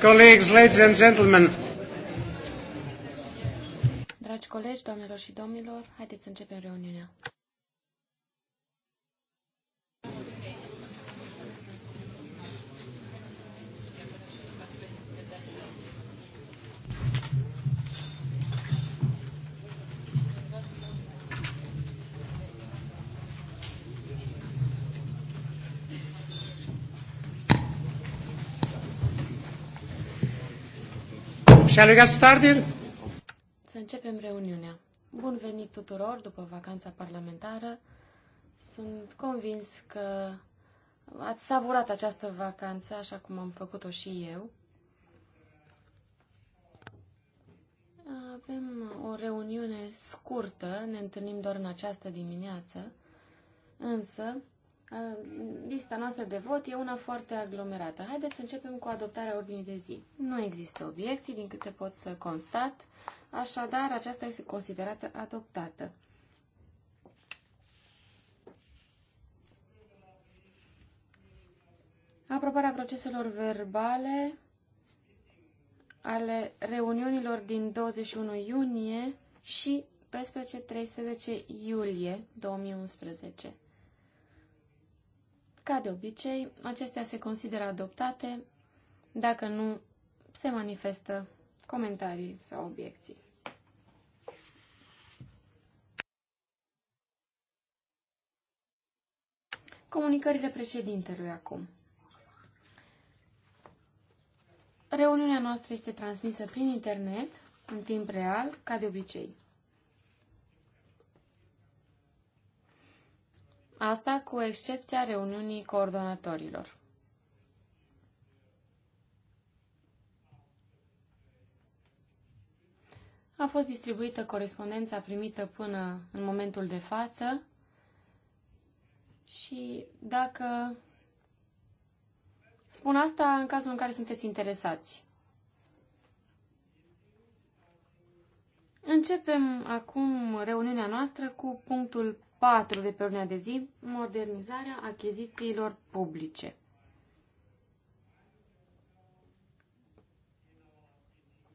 Colleagues, ladies and gentlemen. Dragi colegi, doamnelor și domnilor, haideți să începem reuniunea. Shall we get started? Să începem reuniunea. Bun venit tuturor după vacanța parlamentară. Sunt convins că ați savurat această vacanță așa cum am făcut-o și eu. Avem o reuniune scurtă, ne întâlnim doar în această dimineață, însă Lista noastră de vot e una foarte aglomerată. Haideți să începem cu adoptarea ordinii de zi. Nu există obiecții, din câte pot să constat, așadar aceasta este considerată adoptată. Aprobarea proceselor verbale ale reuniunilor din 21 iunie și 13 13 iulie 2011. Ca de obicei, acestea se consideră adoptate dacă nu se manifestă comentarii sau obiecții. Comunicările președintelui acum. Reuniunea noastră este transmisă prin internet, în timp real, ca de obicei. Asta cu excepția reuniunii coordonatorilor. A fost distribuită corespondența primită până în momentul de față și dacă spun asta în cazul în care sunteți interesați. Începem acum reuniunea noastră cu punctul 4 de pe ordinea de zi, modernizarea achizițiilor publice.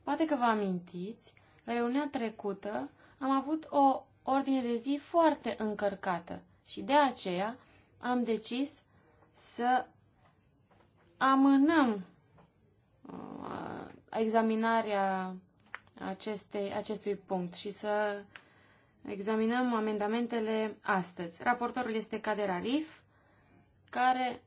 Poate că vă amintiți, la reuniunea trecută am avut o ordine de zi foarte încărcată și de aceea am decis să amânăm uh, examinarea acestei, acestui punct și să Examinăm amendamentele astăzi. Raportorul este Cader Arif, care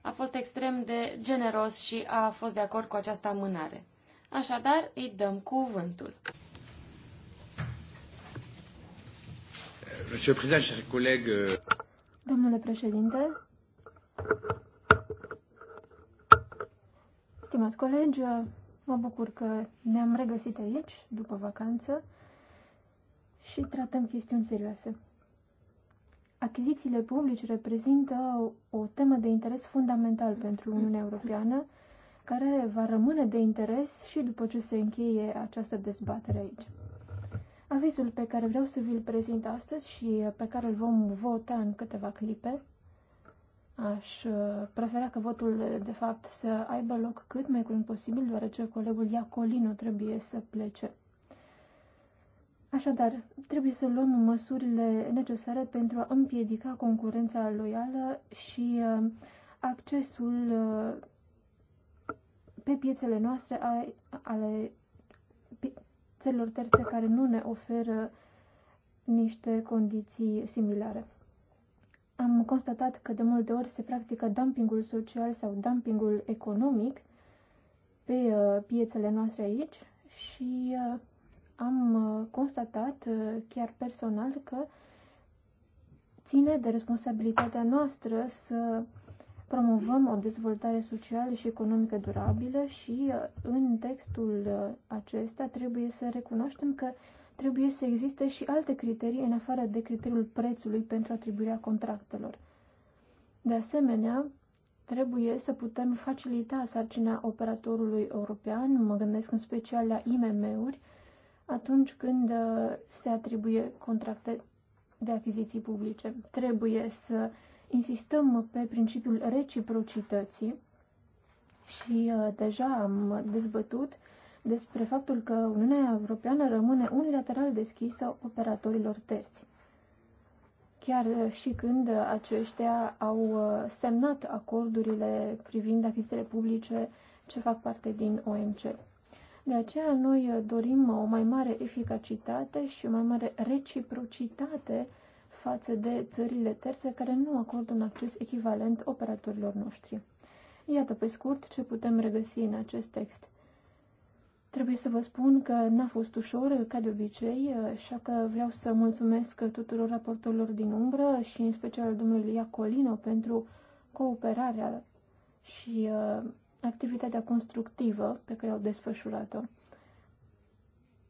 a fost extrem de generos și a fost de acord cu această amânare. Așadar, îi dăm cuvântul. Domnule președinte, stimați colegi, mă bucur că ne-am regăsit aici, după vacanță și tratăm chestiuni serioase. Achizițiile publice reprezintă o temă de interes fundamental pentru Uniunea Europeană, care va rămâne de interes și după ce se încheie această dezbatere aici. Avizul pe care vreau să vi-l prezint astăzi și pe care îl vom vota în câteva clipe, aș uh, prefera că votul, de fapt, să aibă loc cât mai curând posibil, deoarece colegul Iacolino trebuie să plece. Așadar, trebuie să luăm măsurile necesare pentru a împiedica concurența loială și uh, accesul uh, pe piețele noastre ale țărilor terțe care nu ne oferă niște condiții similare. Am constatat că de multe ori se practică dumpingul social sau dumpingul economic pe uh, piețele noastre aici și am uh, constatat uh, chiar personal că ține de responsabilitatea noastră să promovăm o dezvoltare socială și economică durabilă și uh, în textul acesta trebuie să recunoaștem că trebuie să existe și alte criterii în afară de criteriul prețului pentru atribuirea contractelor. De asemenea, trebuie să putem facilita sarcina operatorului european, mă gândesc în special la IMM-uri, atunci când uh, se atribuie contracte de achiziții publice. Trebuie să insistăm pe principiul reciprocității și uh, deja am dezbătut despre faptul că Uniunea Europeană rămâne unilateral deschisă operatorilor terți. Chiar uh, și când aceștia au semnat acordurile privind achizițiile publice ce fac parte din OMC. De aceea noi uh, dorim uh, o mai mare eficacitate și o mai mare reciprocitate față de țările terțe care nu acordă un acces echivalent operatorilor noștri. Iată pe scurt ce putem regăsi în acest text. Trebuie să vă spun că n-a fost ușor, ca de obicei, uh, așa că vreau să mulțumesc tuturor raportorilor din umbră și în special domnului Iacolino pentru cooperarea și uh, activitatea constructivă pe care au desfășurat-o.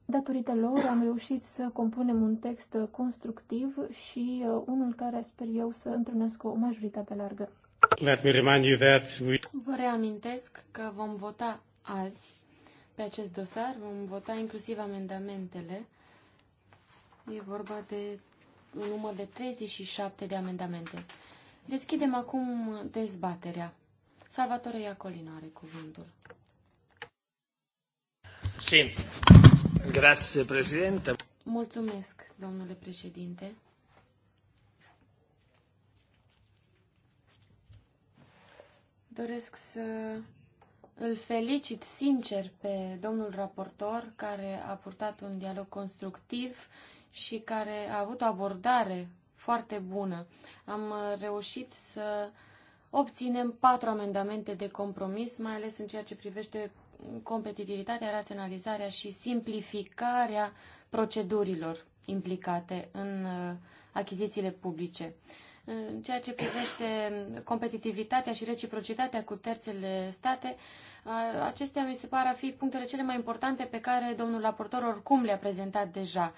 Datorită lor am reușit să compunem un text constructiv și uh, unul care sper eu să întrunească o majoritate largă. Let me remind you that we... Vă reamintesc că vom vota azi pe acest dosar, vom vota inclusiv amendamentele. E vorba de un număr de 37 de amendamente. Deschidem acum dezbaterea. Salvatore Iacolino are cuvântul. Sì, grazie Presidente. Mulțumesc, domnule președinte. Doresc să îl felicit sincer pe domnul raportor care a purtat un dialog constructiv și care a avut o abordare foarte bună. Am reușit să obținem patru amendamente de compromis, mai ales în ceea ce privește competitivitatea, raționalizarea și simplificarea procedurilor implicate în uh, achizițiile publice. În ceea ce privește competitivitatea și reciprocitatea cu terțele state, uh, acestea mi se par a fi punctele cele mai importante pe care domnul raportor oricum le-a prezentat deja.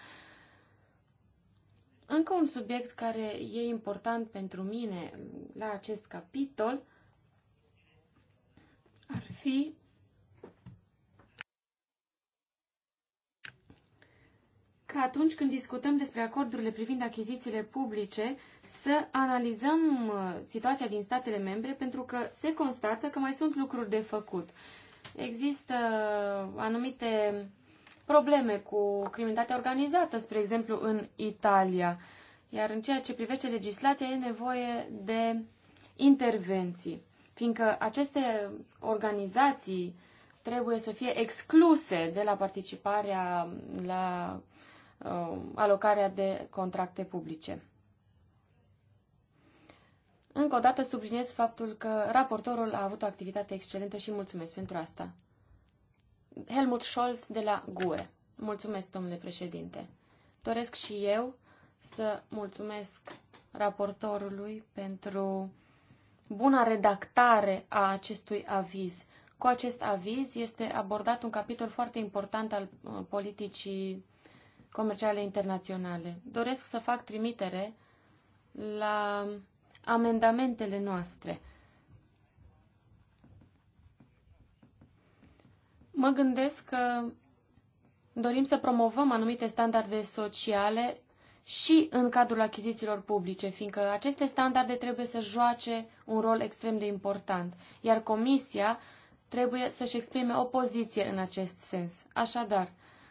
Încă un subiect care e important pentru mine la acest capitol ar fi că atunci când discutăm despre acordurile privind achizițiile publice, să analizăm uh, situația din statele membre, pentru că se constată că mai sunt lucruri de făcut. Există uh, anumite probleme cu criminalitatea organizată, spre exemplu în Italia. Iar în ceea ce privește legislația e nevoie de intervenții, fiindcă aceste organizații trebuie să fie excluse de la participarea la uh, alocarea de contracte publice. Încă o dată subliniez faptul că raportorul a avut o activitate excelentă și mulțumesc pentru asta. Helmut Scholz de la GUE. Mulțumesc, domnule președinte. Doresc și eu să mulțumesc raportorului pentru buna redactare a acestui aviz. Cu acest aviz este abordat un capitol foarte important al uh, politicii comerciale internaționale. Doresc să fac trimitere la amendamentele noastre. mă gândesc că dorim să promovăm anumite standarde sociale și în cadrul achizițiilor publice, fiindcă aceste standarde trebuie să joace un rol extrem de important, iar Comisia trebuie să-și exprime o poziție în acest sens. Așadar,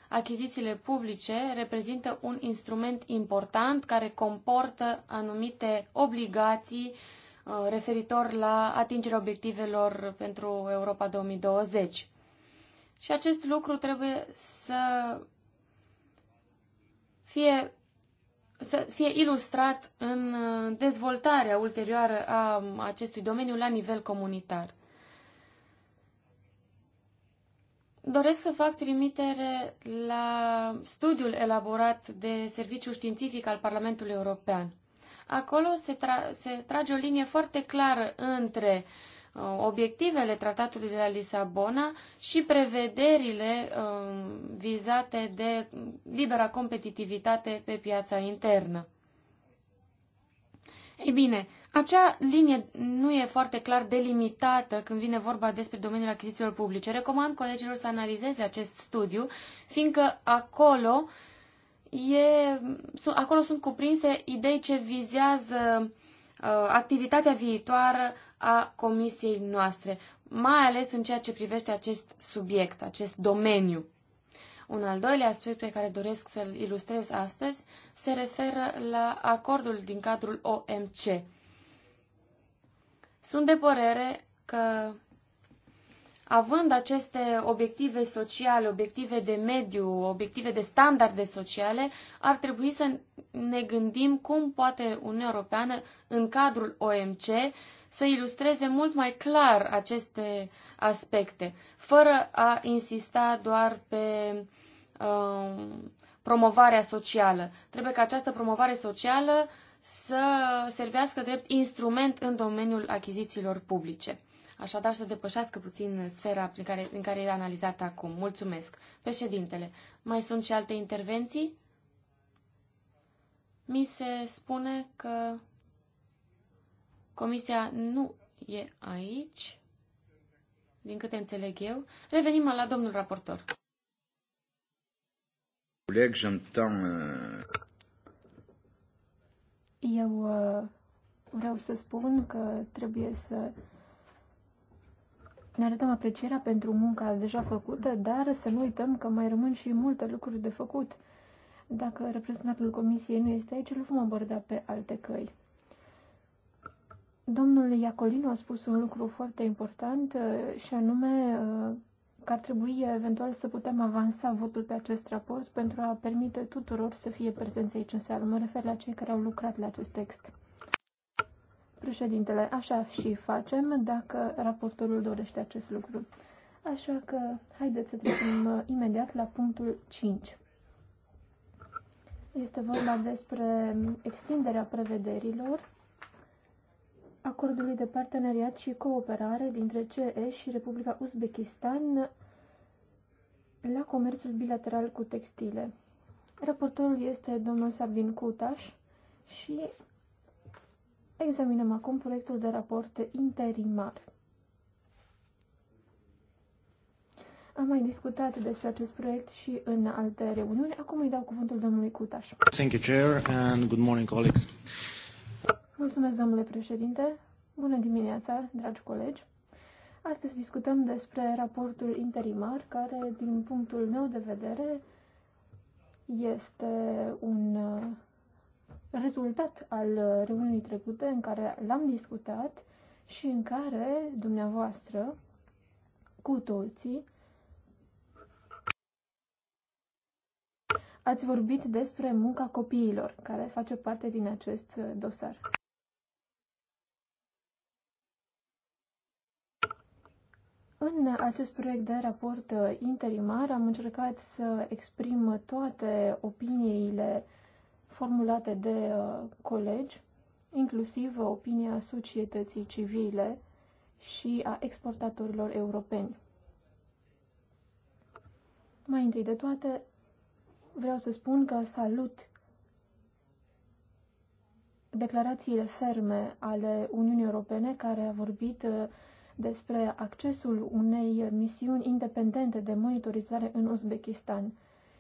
achizițiile publice reprezintă un instrument important care comportă anumite obligații uh, referitor la atingerea obiectivelor pentru Europa 2020. Și acest lucru trebuie să fie, să fie ilustrat în uh, dezvoltarea ulterioară a um, acestui domeniu la nivel comunitar. Doresc să fac trimitere la studiul elaborat de Serviciul Științific al Parlamentului European. Acolo se, tra- se trage o linie foarte clară între uh, Uh, obiectivele tratatului de la Lisabona și prevederile uh, vizate de libera competitivitate pe piața internă. Ei bine, acea linie nu e foarte clar delimitată când vine vorba despre domeniul achizițiilor publice. Recomand colegilor să analizeze acest studiu, fiindcă acolo, e, acolo sunt cuprinse idei ce vizează uh, activitatea viitoare a comisiei noastre, mai ales în ceea ce privește acest subiect, acest domeniu. Un al doilea aspect pe care doresc să-l ilustrez astăzi se referă la acordul din cadrul OMC. Sunt de părere că, având aceste obiective sociale, obiective de mediu, obiective de standarde sociale, ar trebui să ne gândim cum poate Uniunea Europeană, în cadrul OMC, să ilustreze mult mai clar aceste aspecte, fără a insista doar pe uh, promovarea socială. Trebuie ca această promovare socială să servească drept instrument în domeniul achizițiilor publice. Așadar, să depășească puțin sfera prin care, în care e analizată acum. Mulțumesc. Președintele, mai sunt și alte intervenții? Mi se spune că Comisia nu e aici, din câte înțeleg eu. Revenim la domnul raportor. Coleg, j'entends... Euh, eu euh, vreau să spun că trebuie să ne arătăm aprecierea pentru munca deja făcută, dar să nu uităm că mai rămân și multe lucruri de făcut. Dacă reprezentantul comisiei nu este aici, îl vom aborda pe alte căi. Domnul Iacolino a spus un lucru foarte important uh, și anume uh, că ar trebui eventual să putem avansa votul pe acest raport pentru a permite tuturor să fie prezenți aici în sală. Mă refer la cei care au lucrat la acest text. Președintele, așa și facem dacă raportorul dorește acest lucru. Așa că haideți să trecem uh, imediat la punctul 5. Este vorba despre extinderea prevederilor acordului de parteneriat și cooperare dintre CE și Republica Uzbekistan la comerțul bilateral cu textile. Raportorul este domnul Sabin Cutaș și examinăm acum proiectul de raport interimar. Am mai discutat despre acest proiect și în alte reuniuni. Acum îi dau cuvântul domnului Cutaș. Thank you, Chair, and good morning, colleagues. Mulțumesc, domnule președinte. Bună dimineața, dragi colegi. Astăzi discutăm despre raportul interimar, care, din punctul meu de vedere, este un uh, rezultat al reuniunii trecute în care l-am discutat și în care dumneavoastră, cu toții, ați vorbit despre munca copiilor, care face parte din acest uh, dosar. În acest proiect de raport uh, interimar am încercat să exprim toate opiniile formulate de uh, colegi, inclusiv opinia societății civile și a exportatorilor europeni. Mai întâi de toate, vreau să spun că salut declarațiile ferme ale Uniunii Europene care a vorbit uh, despre accesul unei misiuni independente de monitorizare în Uzbekistan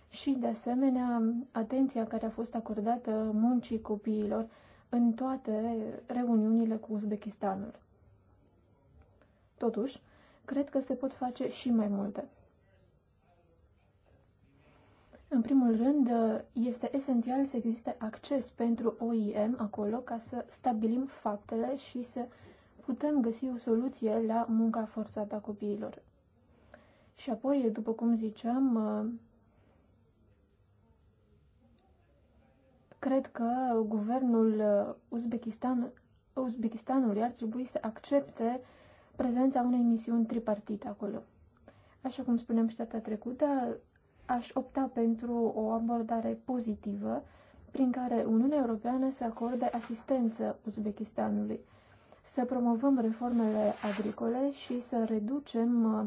și, de asemenea, atenția care a fost acordată muncii copiilor în toate reuniunile cu Uzbekistanul. Totuși, cred că se pot face și mai multe. În primul rând, este esențial să existe acces pentru OIM acolo ca să stabilim faptele și să putem găsi o soluție la munca forțată a copiilor. Și apoi, după cum ziceam, cred că guvernul uh, Uzbekistan, Uzbekistanului ar trebui să accepte prezența unei misiuni tripartite acolo. Așa cum spuneam și data trecută, aș opta pentru o abordare pozitivă prin care Uniunea Europeană să acorde asistență Uzbekistanului să promovăm reformele agricole și să reducem uh,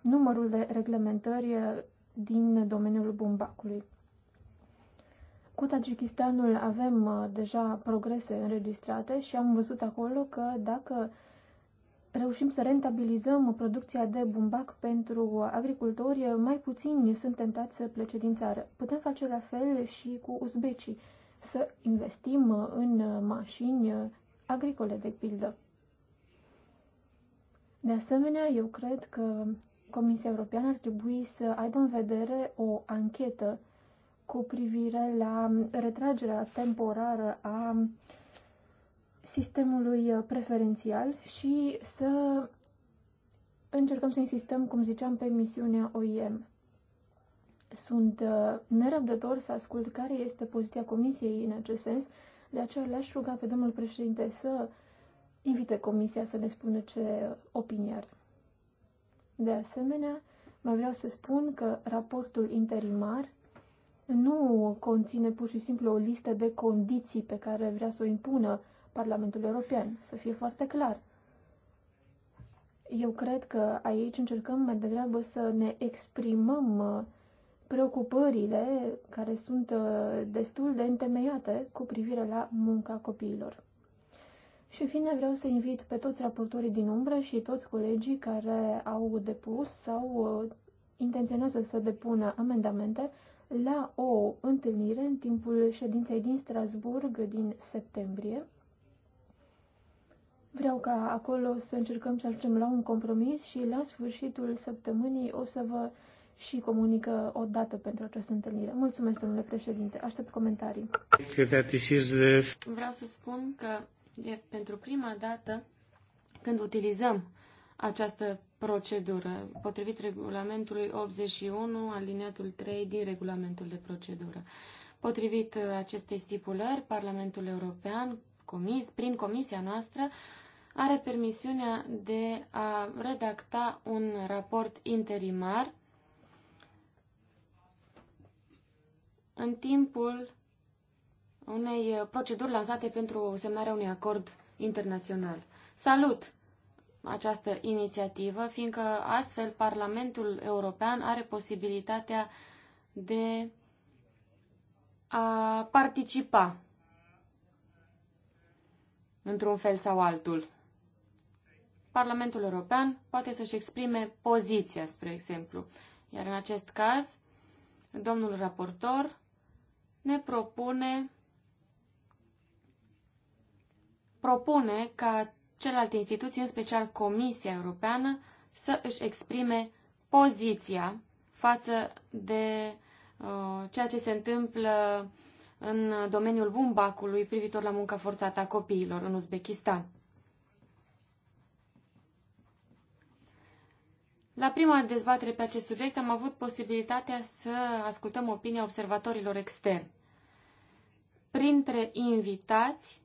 numărul de reglementări uh, din domeniul bumbacului. Cu Tajikistanul avem uh, deja progrese înregistrate și am văzut acolo că dacă reușim să rentabilizăm producția de bumbac pentru agricultori, mai puțini sunt tentați să plece din țară. Putem face la fel și cu uzbecii, să investim în mașini agricole, de pildă. De asemenea, eu cred că Comisia Europeană ar trebui să aibă în vedere o anchetă cu privire la retragerea temporară a sistemului preferențial și să încercăm să insistăm, cum ziceam, pe misiunea OIM. Sunt uh, nerăbdător să ascult care este poziția Comisiei în acest sens de aceea le aș ruga pe domnul președinte să invite comisia să ne spună ce opinie are. De asemenea, mai vreau să spun că raportul interimar nu conține pur și simplu o listă de condiții pe care vrea să o impună Parlamentul European, să fie foarte clar. Eu cred că aici încercăm mai degrabă să ne exprimăm uh, preocupările care sunt uh, destul de întemeiate cu privire la munca copiilor. Și în fine vreau să invit pe toți raportorii din umbră și toți colegii care au depus sau uh, intenționează să depună amendamente la o întâlnire în timpul ședinței din Strasburg din septembrie. Vreau ca acolo să încercăm să ajungem la un compromis și la sfârșitul săptămânii o să vă și comunică o dată pentru această întâlnire. Mulțumesc, domnule președinte. Aștept comentarii. Vreau să spun că e pentru prima dată când utilizăm această procedură, potrivit regulamentului 81, aliniatul 3 din regulamentul de procedură. Potrivit acestei stipulări, Parlamentul European, comis, prin comisia noastră, are permisiunea de a redacta un raport interimar în timpul unei proceduri lansate pentru semnarea unui acord internațional. Salut această inițiativă, fiindcă astfel Parlamentul European are posibilitatea de a participa într-un fel sau altul. Parlamentul European poate să-și exprime poziția, spre exemplu. Iar în acest caz, domnul raportor ne propune propune ca celelalte instituții, în special Comisia Europeană, să își exprime poziția față de uh, ceea ce se întâmplă în domeniul bumbacului privitor la munca forțată a copiilor în Uzbekistan. La prima dezbatere pe acest subiect am avut posibilitatea să ascultăm opinia observatorilor externi. Printre invitați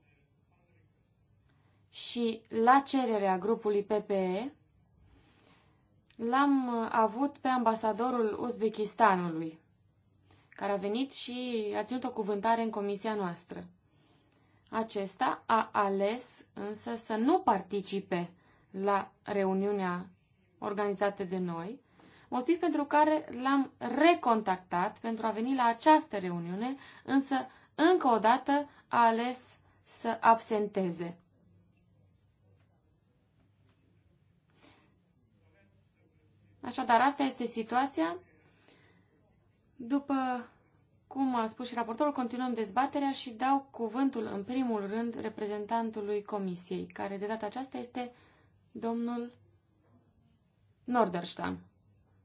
și la cererea grupului PPE, l-am avut pe ambasadorul Uzbekistanului, care a venit și a ținut o cuvântare în comisia noastră. Acesta a ales însă să nu participe la reuniunea organizate de noi, motiv pentru care l-am recontactat pentru a veni la această reuniune, însă încă o dată a ales să absenteze. Așadar, asta este situația. După cum a spus și raportorul, continuăm dezbaterea și dau cuvântul în primul rând reprezentantului comisiei, care de data aceasta este domnul Norderstein.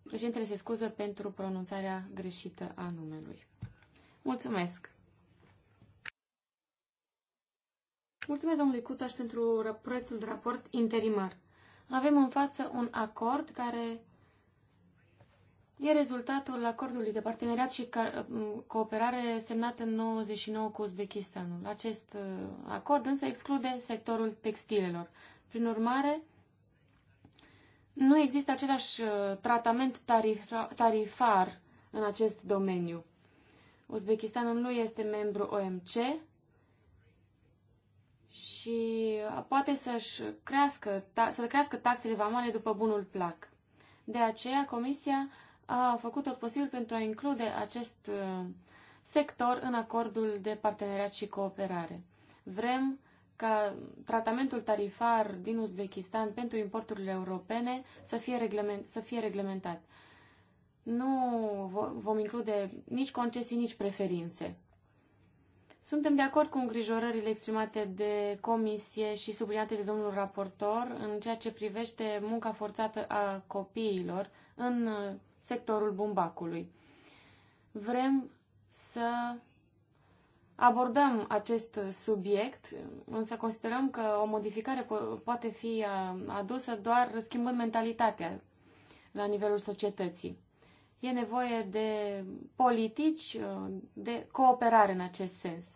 Președintele se scuză pentru pronunțarea greșită a numelui. Mulțumesc! Mulțumesc domnului Cutaș pentru proiectul de raport interimar. Avem în față un acord care e rezultatul acordului de parteneriat și cooperare semnat în 99 cu Uzbekistanul. Acest uh, acord însă exclude sectorul textilelor. Prin urmare, nu există același uh, tratament tarifar în acest domeniu. Uzbekistanul nu este membru OMC și uh, poate să-și crească, să crească taxele vamale după bunul plac. De aceea, Comisia a făcut tot posibil pentru a include acest uh, sector în acordul de parteneriat și cooperare. Vrem ca tratamentul tarifar din Uzbekistan pentru importurile europene să fie, reglement, să fie reglementat. Nu vom include nici concesii, nici preferințe. Suntem de acord cu îngrijorările exprimate de comisie și subliniate de domnul raportor în ceea ce privește munca forțată a copiilor în sectorul bumbacului. Vrem să abordăm acest subiect, însă considerăm că o modificare po- poate fi uh, adusă doar schimbând mentalitatea la nivelul societății. E nevoie de politici, uh, de cooperare în acest sens.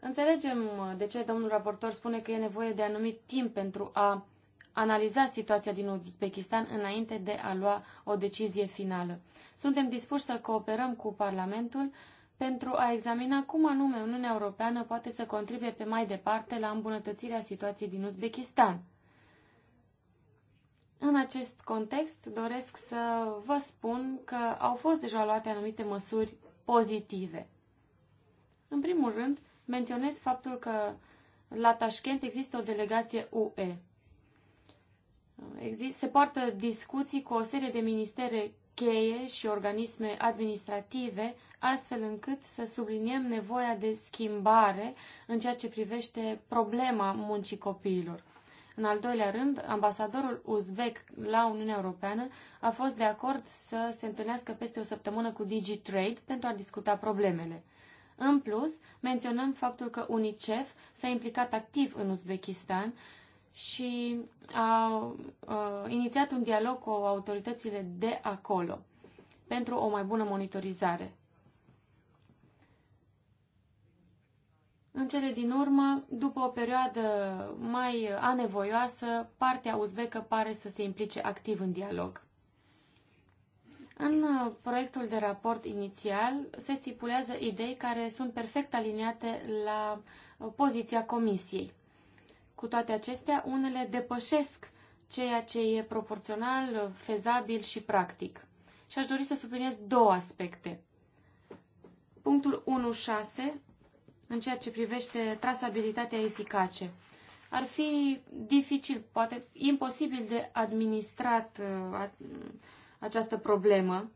Înțelegem uh, de ce domnul raportor spune că e nevoie de anumit timp pentru a analiza situația din Uzbekistan înainte de a lua o decizie finală. Suntem dispuși să cooperăm cu Parlamentul pentru a examina cum anume Uniunea Europeană poate să contribuie pe mai departe la îmbunătățirea situației din Uzbekistan. În acest context, doresc să vă spun că au fost deja luate anumite măsuri pozitive. În primul rând, menționez faptul că la Tashkent există o delegație UE. Exist, se poartă discuții cu o serie de ministere cheie și organisme administrative, astfel încât să subliniem nevoia de schimbare în ceea ce privește problema muncii copiilor. În al doilea rând, ambasadorul uzbek la Uniunea Europeană a fost de acord să se întâlnească peste o săptămână cu DigiTrade pentru a discuta problemele. În plus, menționăm faptul că UNICEF s-a implicat activ în Uzbekistan și au uh, inițiat un dialog cu autoritățile de acolo pentru o mai bună monitorizare. În cele din urmă, după o perioadă mai anevoioasă, partea uzbecă pare să se implice activ în dialog. În uh, proiectul de raport inițial se stipulează idei care sunt perfect aliniate la uh, poziția Comisiei. Cu toate acestea, unele depășesc ceea ce e proporțional, fezabil și practic. Și aș dori să subliniez două aspecte. Punctul 1.6, în ceea ce privește trasabilitatea eficace. Ar fi dificil, poate imposibil de administrat uh, această problemă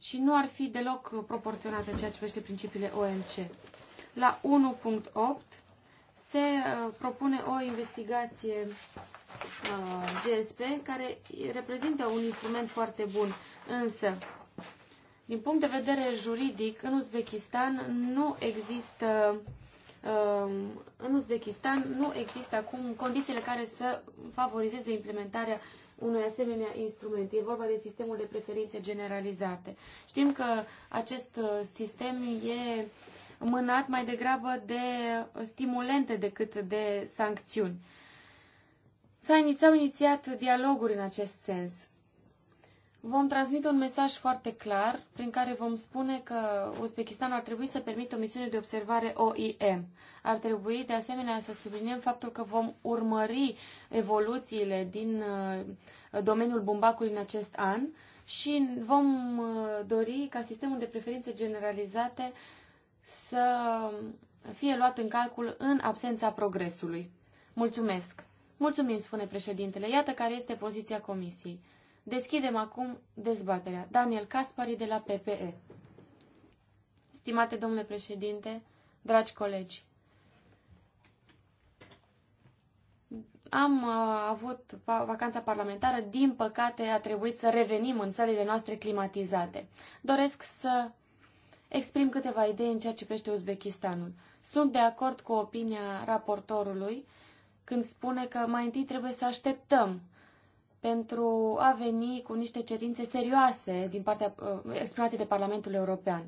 și nu ar fi deloc proporționată în ceea ce privește principiile OMC. La 1.8, se uh, propune o investigație uh, GSP care reprezintă un instrument foarte bun. Însă, din punct de vedere juridic, în Uzbekistan nu există um, în Uzbekistan nu există acum condițiile care să favorizeze implementarea unui asemenea instrument. E vorba de sistemul de preferințe generalizate. Știm că acest uh, sistem e mânat mai degrabă de stimulente decât de sancțiuni. S-au inițiat, inițiat dialoguri în acest sens. Vom transmite un mesaj foarte clar prin care vom spune că Uzbekistanul ar trebui să permită o misiune de observare OIM. Ar trebui de asemenea să subliniem faptul că vom urmări evoluțiile din uh, domeniul bumbacului în acest an și vom uh, dori ca sistemul de preferințe generalizate să fie luat în calcul în absența progresului. Mulțumesc! Mulțumim, spune președintele. Iată care este poziția comisiei. Deschidem acum dezbaterea. Daniel Caspari de la PPE. Stimate domnule președinte, dragi colegi, am uh, avut vacanța parlamentară, din păcate a trebuit să revenim în sălile noastre climatizate. Doresc să exprim câteva idei în ceea ce privește Uzbekistanul. Sunt de acord cu opinia raportorului când spune că mai întâi trebuie să așteptăm pentru a veni cu niște cerințe serioase din partea, uh, exprimate de Parlamentul European.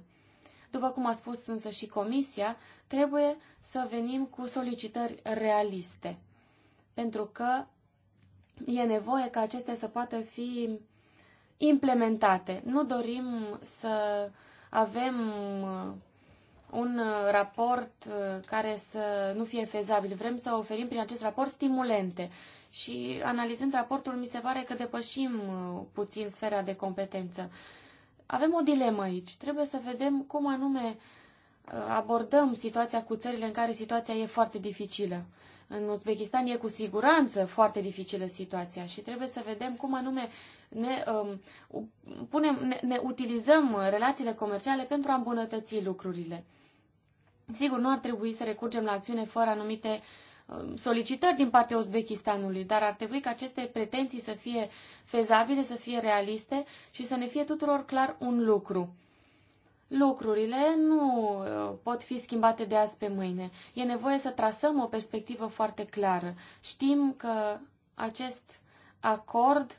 După cum a spus însă și Comisia, trebuie să venim cu solicitări realiste, pentru că e nevoie ca acestea să poată fi implementate. Nu dorim să uh, avem uh, un uh, raport uh, care să nu fie fezabil. Vrem să oferim prin acest raport stimulente. Și analizând raportul, mi se pare că depășim puțin sfera de competență. Avem o dilemă aici. Trebuie să vedem cum anume abordăm situația cu țările în care situația e foarte dificilă. În Uzbekistan e cu siguranță foarte dificilă situația și trebuie să vedem cum anume ne, um, punem, ne, ne utilizăm relațiile comerciale pentru a îmbunătăți lucrurile. Sigur, nu ar trebui să recurgem la acțiune fără anumite um, solicitări din partea Uzbekistanului, dar ar trebui ca aceste pretenții să fie fezabile, să fie realiste și să ne fie tuturor clar un lucru lucrurile nu uh, pot fi schimbate de azi pe mâine. E nevoie să trasăm o perspectivă foarte clară. Știm că acest acord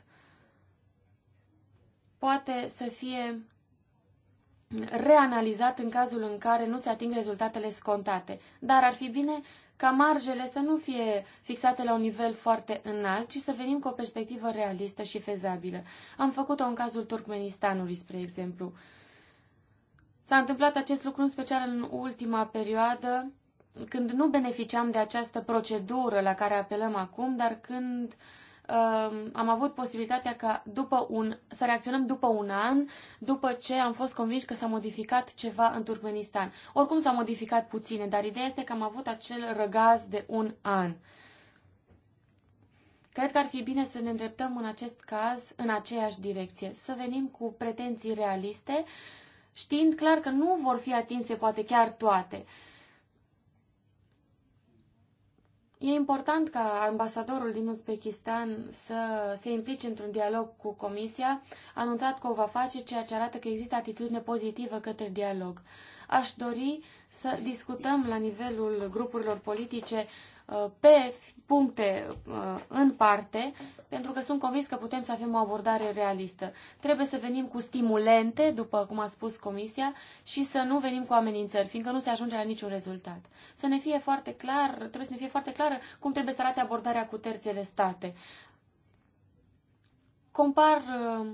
poate să fie reanalizat în cazul în care nu se ating rezultatele scontate. Dar ar fi bine ca marjele să nu fie fixate la un nivel foarte înalt, ci să venim cu o perspectivă realistă și fezabilă. Am făcut-o în cazul Turkmenistanului, spre exemplu. S-a întâmplat acest lucru în special în ultima perioadă, când nu beneficiam de această procedură la care apelăm acum, dar când uh, am avut posibilitatea ca după un, să reacționăm după un an, după ce am fost convinși că s-a modificat ceva în Turkmenistan. Oricum s-a modificat puține, dar ideea este că am avut acel răgaz de un an. Cred că ar fi bine să ne îndreptăm în acest caz în aceeași direcție, să venim cu pretenții realiste, uh, știind clar că nu vor fi atinse poate chiar toate. E important ca ambasadorul din Uzbekistan să se implice într-un dialog cu Comisia, anunțat că o va face, ceea ce arată că există atitudine pozitivă către dialog. Aș dori să discutăm la nivelul grupurilor politice Uh, pe puncte uh, în parte, pentru că sunt convins că putem să avem o abordare realistă. Trebuie să venim cu stimulente, după cum a spus Comisia, și să nu venim cu amenințări, fiindcă nu se ajunge la niciun rezultat. Să ne fie foarte clar, trebuie să ne fie foarte clară cum trebuie să arate abordarea cu terțele state. Compar uh,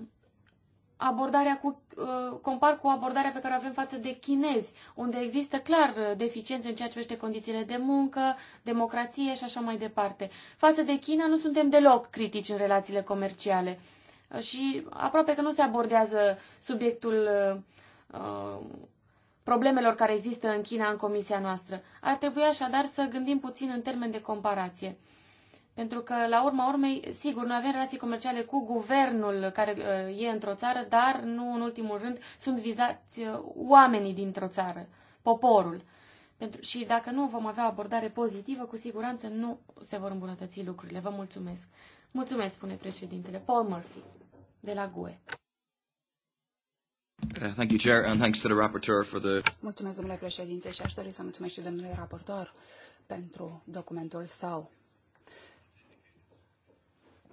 abordarea cu, uh, compar cu abordarea pe care o avem față de chinezi, unde există clar uh, deficiențe în ceea ce privește condițiile de muncă, democrație și așa mai departe. Față de China nu suntem deloc critici în relațiile comerciale uh, și aproape că nu se abordează subiectul problemelor care există în China în comisia noastră. Ar trebui așadar să gândim puțin în termen de comparație. Pentru că, la urma urmei, sigur, noi avem relații comerciale cu guvernul care uh, e într-o țară, dar nu, în ultimul rând, sunt vizați uh, oamenii dintr-o țară, poporul. Pentru, și dacă nu vom avea abordare pozitivă, cu siguranță nu se vor îmbunătăți lucrurile. Vă mulțumesc. Mulțumesc, spune președintele. Paul Murphy, de la GUE. Uh, thank you, Chair, and thanks to the rapporteur for the... Mulțumesc, domnule președinte, și aș dori să mulțumesc și domnului raportor pentru documentul său.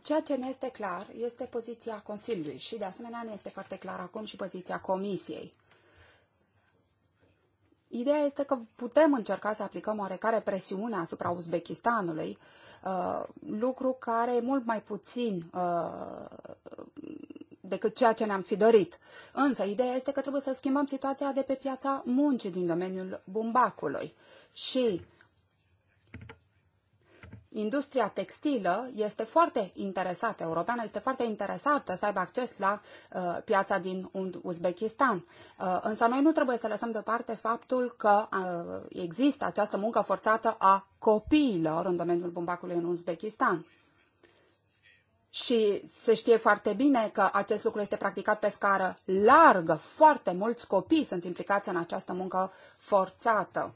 Ceea ce ne este clar este poziția Consiliului și, de asemenea, ne este foarte clar acum și poziția Comisiei. Ideea este că putem încerca să aplicăm oarecare presiune asupra Uzbekistanului, uh, lucru care e mult mai puțin uh, decât ceea ce ne-am fi dorit. Însă, ideea este că trebuie să schimbăm situația de pe piața muncii din domeniul bumbacului. Și industria textilă este foarte interesată, europeană este foarte interesată să aibă acces la uh, piața din Uzbekistan. Uh, însă noi nu trebuie să lăsăm deoparte faptul că uh, există această muncă forțată a copiilor în domeniul bumbacului în Uzbekistan. Și se știe foarte bine că acest lucru este practicat pe scară largă. Foarte mulți copii sunt implicați în această muncă forțată.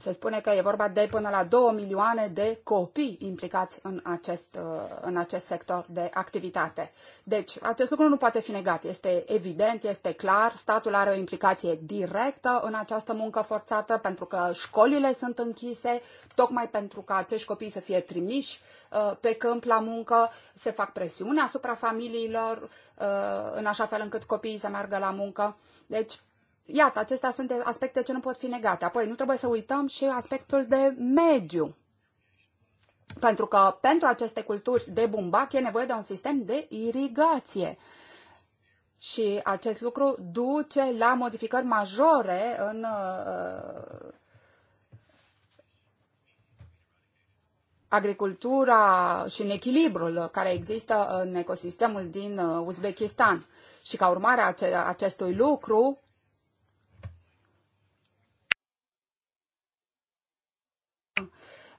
Se spune că e vorba de până la 2 milioane de copii implicați în acest, uh, în acest sector de activitate. Deci, acest lucru nu poate fi negat. Este evident, este clar, statul are o implicație directă în această muncă forțată, pentru că școlile sunt închise, tocmai pentru ca acești copii să fie trimiși uh, pe câmp la muncă, se fac presiuni asupra familiilor, uh, în așa fel încât copiii să meargă la muncă. Deci, Iată, acestea sunt aspecte ce nu pot fi negate. Apoi, nu trebuie să uităm și aspectul de mediu. Pentru că pentru aceste culturi de bumbac e nevoie de un sistem de irigație. Și acest lucru duce la modificări majore în uh, agricultura și în echilibrul care există în ecosistemul din uh, Uzbekistan. Și ca urmare a acestui lucru,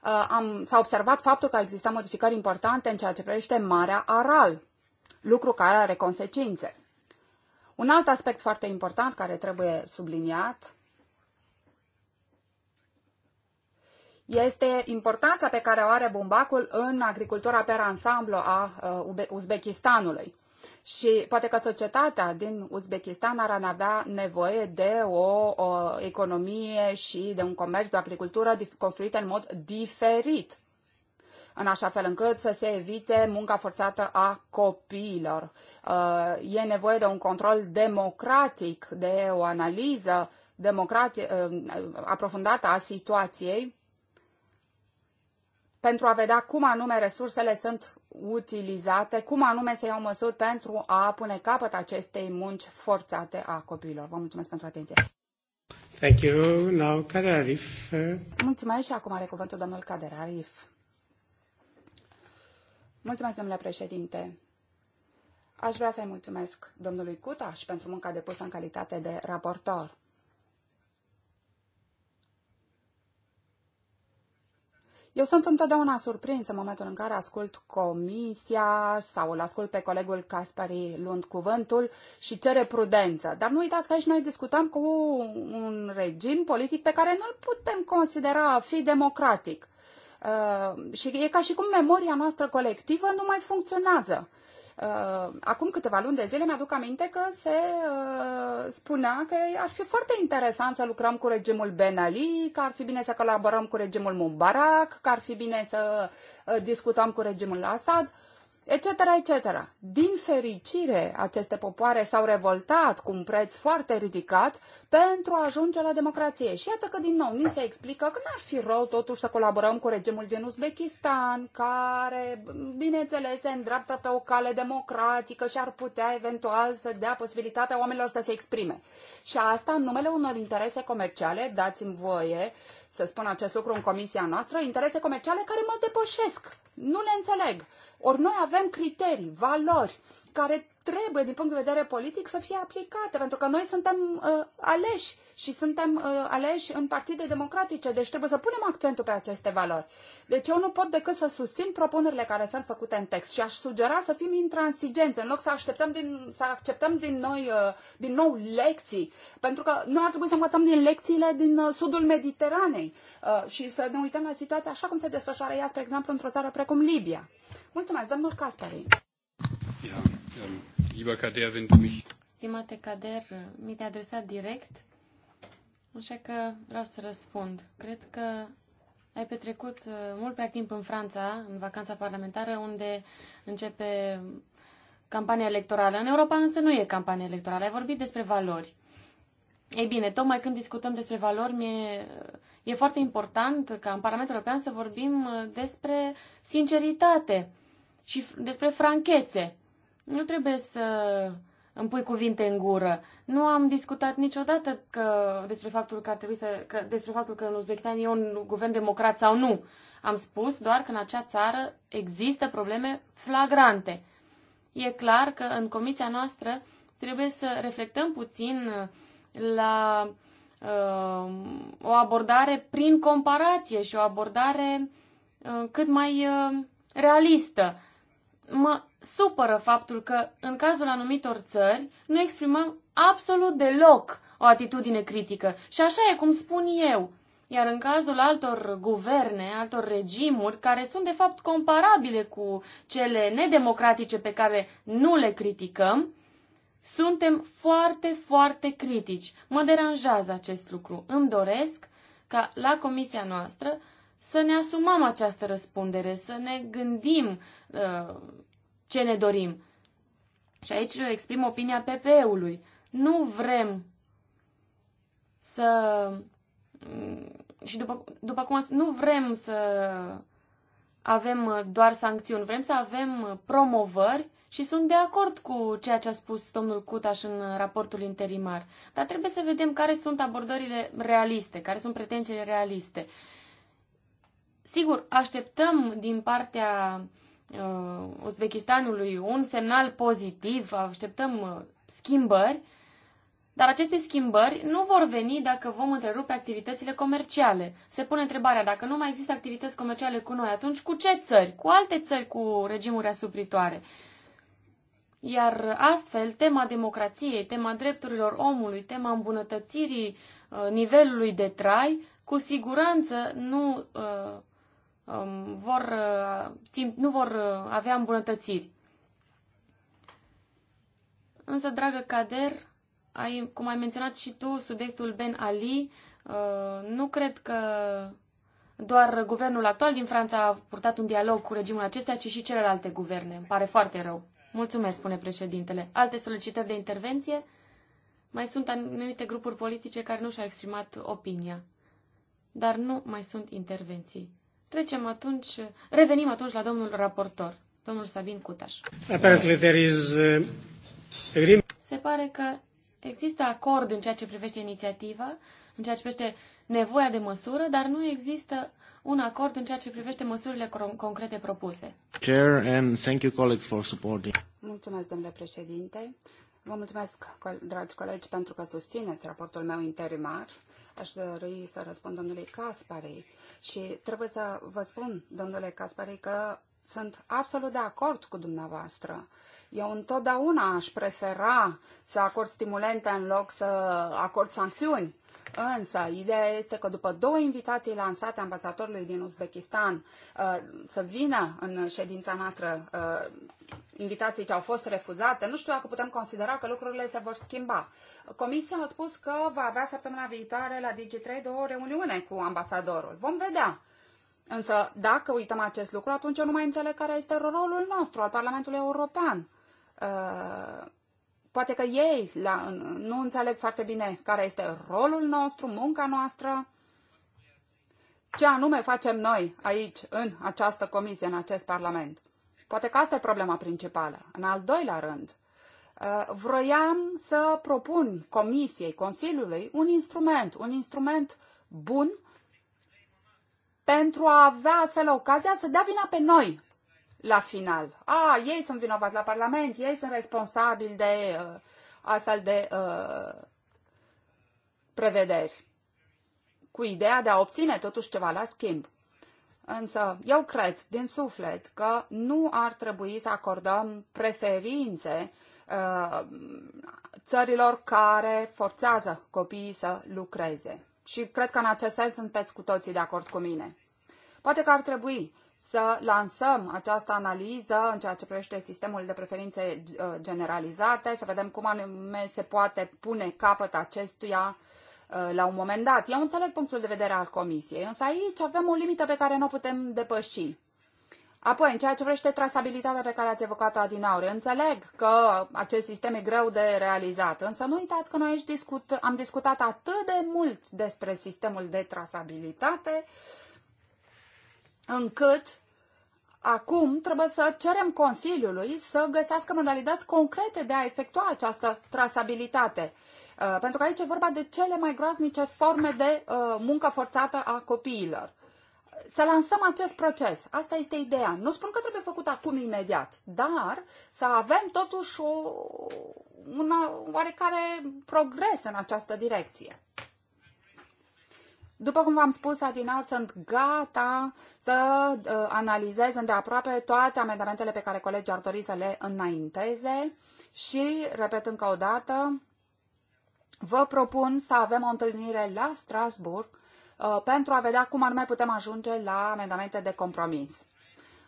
Uh, am, s-a observat faptul că există modificări importante în ceea ce privește Marea Aral, lucru care are consecințe. Un alt aspect foarte important care trebuie subliniat este importanța pe care o are bumbacul în agricultura per ansamblu a uh, Uzbekistanului și poate că societatea din Uzbekistan ar avea nevoie de o, o economie și de un comerț, de o agricultură construită în mod diferit în așa fel încât să se evite munca forțată a copiilor. Uh, e nevoie de un control democratic, de o analiză democrati- uh, aprofundată a situației pentru a vedea cum anume resursele sunt utilizate, cum anume se iau măsuri pentru a pune capăt acestei munci forțate a copiilor. Vă mulțumesc pentru atenție. Thank you. Now, Kader Mulțumesc și acum are cuvântul domnul Kader Mulțumesc, domnule președinte. Aș vrea să-i mulțumesc domnului Cutaș pentru munca depusă în calitate de raportor. Eu sunt întotdeauna surprins în momentul în care ascult comisia sau îl ascult pe colegul Caspari luând cuvântul și cere prudență. Dar nu uitați că aici noi discutăm cu un regim politic pe care nu-l putem considera a fi democratic. Uh, și e ca și cum memoria noastră colectivă nu mai funcționează uh, acum câteva luni de zile mi-aduc aminte că se uh, spunea că ar fi foarte interesant să lucrăm cu regimul Ben Ali, că ar fi bine să colaborăm cu regimul Mubarak, că ar fi bine să uh, discutăm cu regimul Assad. Uh, etc., etc. Din fericire, aceste popoare s-au revoltat cu un preț foarte ridicat pentru a ajunge la democrație. Și iată că din nou ni se explică că n-ar fi rău totuși să colaborăm cu regimul din Uzbekistan, care, bineînțeles, se îndreaptă pe o cale democratică și ar putea eventual să dea posibilitatea oamenilor să se exprime. Și asta în numele unor interese comerciale, dați-mi voie, să spun acest lucru în comisia noastră, interese comerciale care mă depășesc. Nu le înțeleg. Ori noi avem criterii, valori, care trebuie, din punct de vedere politic, să fie aplicate, pentru că noi suntem uh, aleși și suntem uh, aleși în partide democratice, deci trebuie să punem accentul pe aceste valori. Deci eu nu pot decât să susțin propunerile care sunt făcute în text și aș sugera să fim intransigenți, în loc să, așteptăm din, să acceptăm din, noi, uh, din nou lecții, pentru că noi ar trebui să învățăm din lecțiile din uh, sudul Mediteranei uh, și să ne uităm la situația așa cum se desfășoară ea, spre exemplu, într-o țară precum Libia. Mulțumesc, domnul Caspari. Yeah. Um, Lieber Kader, wenn du mich... Stimate Kader, mi te adresat direct, așa că vreau să răspund. Cred că ai petrecut uh, mult prea timp în Franța, în vacanța parlamentară, unde începe campania electorală. În Europa însă nu e campania electorală. Ai vorbit despre valori. Ei bine, tocmai când discutăm despre valori, mie, uh, e foarte important ca în Parlamentul European să vorbim uh, despre sinceritate și despre franchețe. Nu trebuie să îmi pui cuvinte în gură. Nu am discutat niciodată că, despre, faptul că ar trebui să, că, despre faptul că în Uzbekistan e un guvern democrat sau nu. Am spus doar că în acea țară există probleme flagrante. E clar că în comisia noastră trebuie să reflectăm puțin la uh, o abordare prin comparație și o abordare uh, cât mai uh, realistă mă supără faptul că, în cazul anumitor țări, nu exprimăm absolut deloc o atitudine critică. Și așa e cum spun eu. Iar în cazul altor guverne, altor regimuri, care sunt de fapt comparabile cu cele nedemocratice pe care nu le criticăm, suntem foarte, foarte critici. Mă deranjează acest lucru. Îmi doresc ca la comisia noastră să ne asumăm această răspundere, să ne gândim uh, ce ne dorim. Și aici exprim opinia PPE-ului. Nu vrem să. Mm, și după, după cum am spus, nu vrem să avem doar sancțiuni, vrem să avem promovări și sunt de acord cu ceea ce a spus domnul Cutaș în raportul interimar. Dar trebuie să vedem care sunt abordările realiste, care sunt pretențiile realiste. Sigur, așteptăm din partea uh, Uzbekistanului un semnal pozitiv, așteptăm uh, schimbări, dar aceste schimbări nu vor veni dacă vom întrerupe activitățile comerciale. Se pune întrebarea, dacă nu mai există activități comerciale cu noi, atunci cu ce țări? Cu alte țări cu regimuri asupritoare. Iar astfel, tema democrației, tema drepturilor omului, tema îmbunătățirii uh, nivelului de trai, cu siguranță nu uh, um, vor, uh, simt, nu vor uh, avea îmbunătățiri. Însă, dragă Cader, ai, cum ai menționat și tu, subiectul Ben Ali, uh, nu cred că doar guvernul actual din Franța a purtat un dialog cu regimul acesta, ci și celelalte guverne. Îmi pare foarte rău. Mulțumesc, spune președintele. Alte solicitări de intervenție? Mai sunt anumite grupuri politice care nu și-au exprimat opinia. Dar nu mai sunt intervenții. Trecem atunci, revenim atunci la domnul raportor, domnul Sabin Cutaș. Uh, Se pare că există acord în ceea ce privește inițiativa, în ceea ce privește nevoia de măsură, dar nu există un acord în ceea ce privește măsurile concrete propuse. Chair and thank you colleagues for supporting. Mulțumesc, domnule președinte. Vă mulțumesc, dragi colegi, pentru că susțineți raportul meu interimar Aș dori să răspund domnului caspari și trebuie să vă spun, domnule caspari că sunt absolut de acord cu dumneavoastră. Eu întotdeauna aș prefera să acord stimulente în loc să acord sancțiuni. Însă, ideea este că după două invitații lansate ambasadorului din Uzbekistan uh, să vină în ședința noastră uh, invitații ce au fost refuzate, nu știu dacă putem considera că lucrurile se vor schimba. Comisia a spus că va avea săptămâna viitoare la digi 3 două reuniune cu ambasadorul. Vom vedea. Însă, dacă uităm acest lucru, atunci eu nu mai înțeleg care este rolul nostru, al Parlamentului European. Uh, poate că ei la, nu înțeleg foarte bine care este rolul nostru, munca noastră, ce anume facem noi aici, în această comisie, în acest Parlament. Poate că asta e problema principală. În al doilea rând, uh, vroiam să propun Comisiei, Consiliului, un instrument, un instrument bun pentru a avea astfel ocazia să dea vina pe noi la final. A, ei sunt vinovați la Parlament, ei sunt responsabili de uh, astfel de uh, prevederi, cu ideea de a obține totuși ceva la schimb. Însă eu cred din suflet că nu ar trebui să acordăm preferințe uh, țărilor care forțează copiii să lucreze și cred că în acest sens sunteți cu toții de acord cu mine. Poate că ar trebui să lansăm această analiză în ceea ce privește sistemul de preferințe uh, generalizate, să vedem cum anume se poate pune capăt acestuia uh, la un moment dat. Eu înțeleg punctul de vedere al Comisiei, însă aici avem o limită pe care nu o putem depăși. Apoi, în ceea ce vrește trasabilitatea pe care ați evocat-o adinauri, înțeleg că acest sistem e greu de realizat, însă nu uitați că noi aici discut, am discutat atât de mult despre sistemul de trasabilitate, încât acum trebuie să cerem Consiliului să găsească modalități concrete de a efectua această trasabilitate. Uh, pentru că aici e vorba de cele mai groaznice forme de uh, muncă forțată a copiilor să lansăm acest proces. Asta este ideea. Nu spun că trebuie făcut acum imediat, dar să avem totuși o, una, oarecare progres în această direcție. După cum v-am spus, Adinal, sunt gata să uh, analizez îndeaproape toate amendamentele pe care colegii ar dori să le înainteze și, repet încă o dată, vă propun să avem o întâlnire la Strasburg Uh, pentru a vedea cum anume putem ajunge la amendamente de compromis.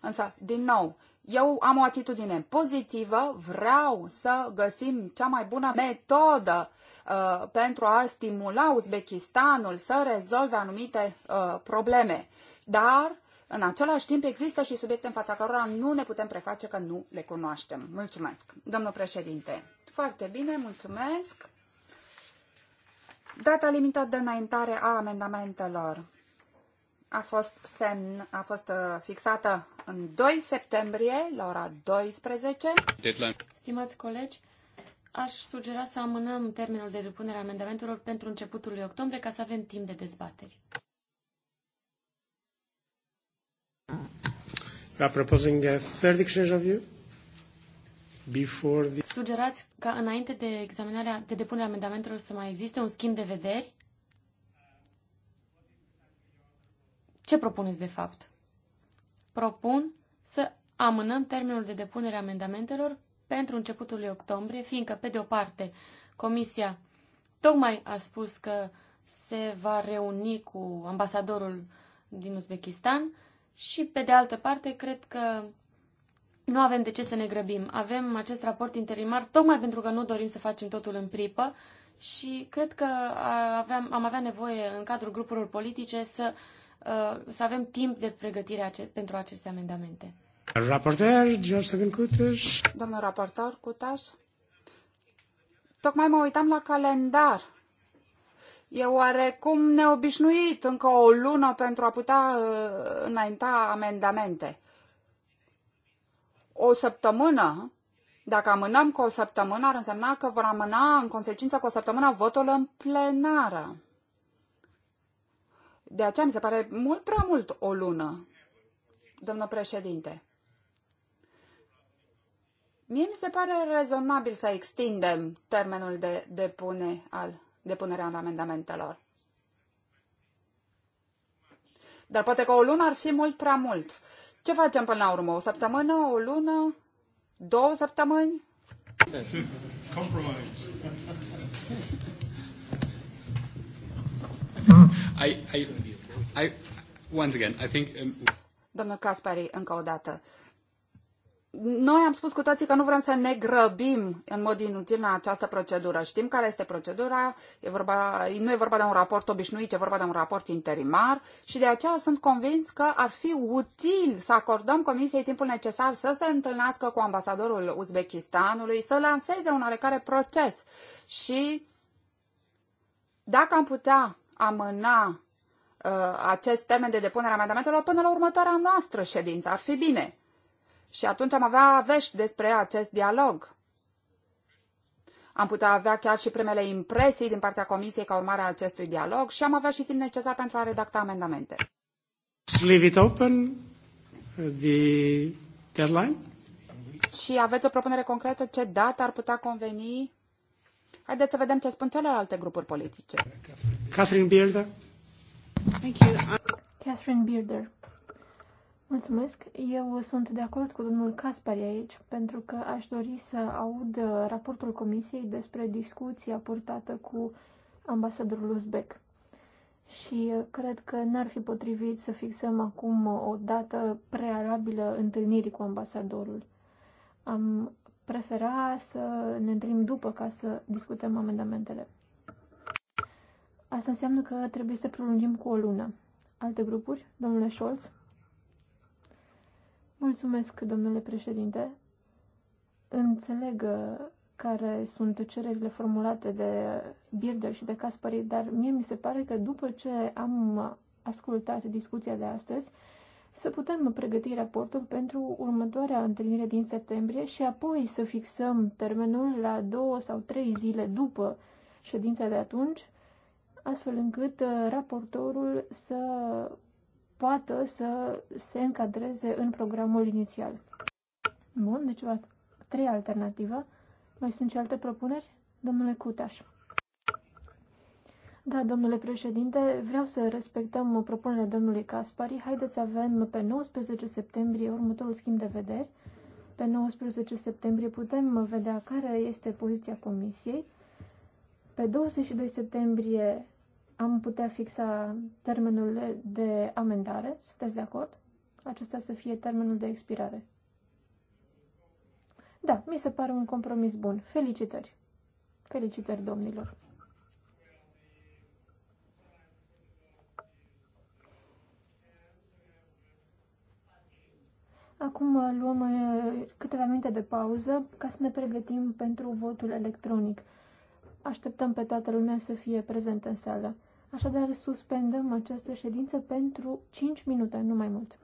Însă, din nou, eu am o atitudine pozitivă, vreau să găsim cea mai bună metodă uh, pentru a stimula Uzbekistanul să rezolve anumite uh, probleme. Dar, în același timp, există și subiecte în fața cărora nu ne putem preface că nu le cunoaștem. Mulțumesc. Domnul președinte, foarte bine, mulțumesc. Data limită de înaintare a amendamentelor a fost, semn, a fost uh, fixată în 2 septembrie la ora 12. Deadline. Stimați colegi, aș sugera să amânăm termenul de depunere a amendamentelor pentru începutul lui octombrie ca să avem timp de dezbateri. We are proposing a third exchange of view. Sugerați ca înainte de examinarea, de depunerea amendamentelor să mai existe un schimb de vederi? Ce propuneți de fapt? Propun să amânăm termenul de depunere a amendamentelor pentru începutul lui octombrie, fiindcă, pe de o parte, Comisia tocmai a spus că se va reuni cu ambasadorul din Uzbekistan și, pe de altă parte, cred că nu avem de ce să ne grăbim. Avem acest raport interimar tocmai pentru că nu dorim să facem totul în pripă și cred că aveam, am avea nevoie în cadrul grupurilor politice să, uh, să avem timp de pregătire pentru aceste amendamente. Raporter, George Cutaș. Domnul raportor, Cutaș. Tocmai mă uitam la calendar. E oarecum neobișnuit încă o lună pentru a putea uh, înainta amendamente o săptămână, dacă amânăm cu o săptămână, ar însemna că vor amâna în consecință cu o săptămână votul în plenară. De aceea mi se pare mult prea mult o lună, domnul președinte. Mie mi se pare rezonabil să extindem termenul de depune al depunerea în amendamentelor. Dar poate că o lună ar fi mult prea mult. Ce facem până la urmă? O săptămână, o lună, două săptămâni? I, I, I, once again, I think, um... Domnul Caspari, încă o dată. Uh, noi am spus cu toții că nu vrem să ne grăbim în mod inutil în această procedură. Știm care este procedura, e vorba, nu e vorba de un raport obișnuit, e vorba de un raport interimar și de aceea sunt convins că ar fi util să acordăm Comisiei timpul necesar să se întâlnească cu ambasadorul Uzbekistanului, să lanseze un oarecare proces și dacă am putea amâna uh, acest termen de depunere a amendamentelor până la următoarea noastră ședință. Ar fi bine. Și atunci am avea vești despre acest dialog. Am putea avea chiar și primele impresii din partea Comisiei ca urmare a acestui dialog și am avea și timp necesar pentru a redacta amendamente. Leave it open uh, the deadline. Și aveți o propunere concretă ce dată ar putea conveni? Haideți să vedem ce spun celelalte grupuri politice. Catherine Bearder. Thank you. Catherine Bearder. Mulțumesc. Eu sunt de acord cu domnul Caspari aici, pentru că aș dori să aud uh, raportul comisiei despre discuția purtată cu ambasadorul Uzbek. Și uh, cred că n-ar fi potrivit să fixăm acum uh, o dată prealabilă întâlnirii cu ambasadorul. Am prefera să ne întâlnim după ca să discutăm amendamentele. Asta înseamnă că trebuie să prelungim cu o lună. Alte grupuri? Domnule Scholz? Mulțumesc, domnule președinte. Înțeleg uh, care sunt cererile formulate de Birder și de Caspari, dar mie mi se pare că după ce am ascultat discuția de astăzi, să putem pregăti raportul pentru următoarea întâlnire din septembrie și apoi să fixăm termenul la două sau trei zile după ședința de atunci, astfel încât uh, raportorul să poată să se încadreze în programul inițial. Bun, deci va trei alternativă. Mai sunt și alte propuneri? Domnule Cutaș. Da, domnule președinte, vreau să respectăm propunerea domnului Caspari. Haideți să avem pe 19 septembrie următorul schimb de vederi. Pe 19 septembrie putem vedea care este poziția comisiei. Pe 22 septembrie am putea fixa termenul de amendare. Sunteți de acord? Acesta să fie termenul de expirare. Da, mi se pare un compromis bun. Felicitări! Felicitări, domnilor! Acum uh, luăm uh, câteva minute de pauză ca să ne pregătim pentru votul electronic. Așteptăm pe toată lumea să fie prezent în sală. Așadar, suspendăm această ședință pentru 5 minute, nu mai mult.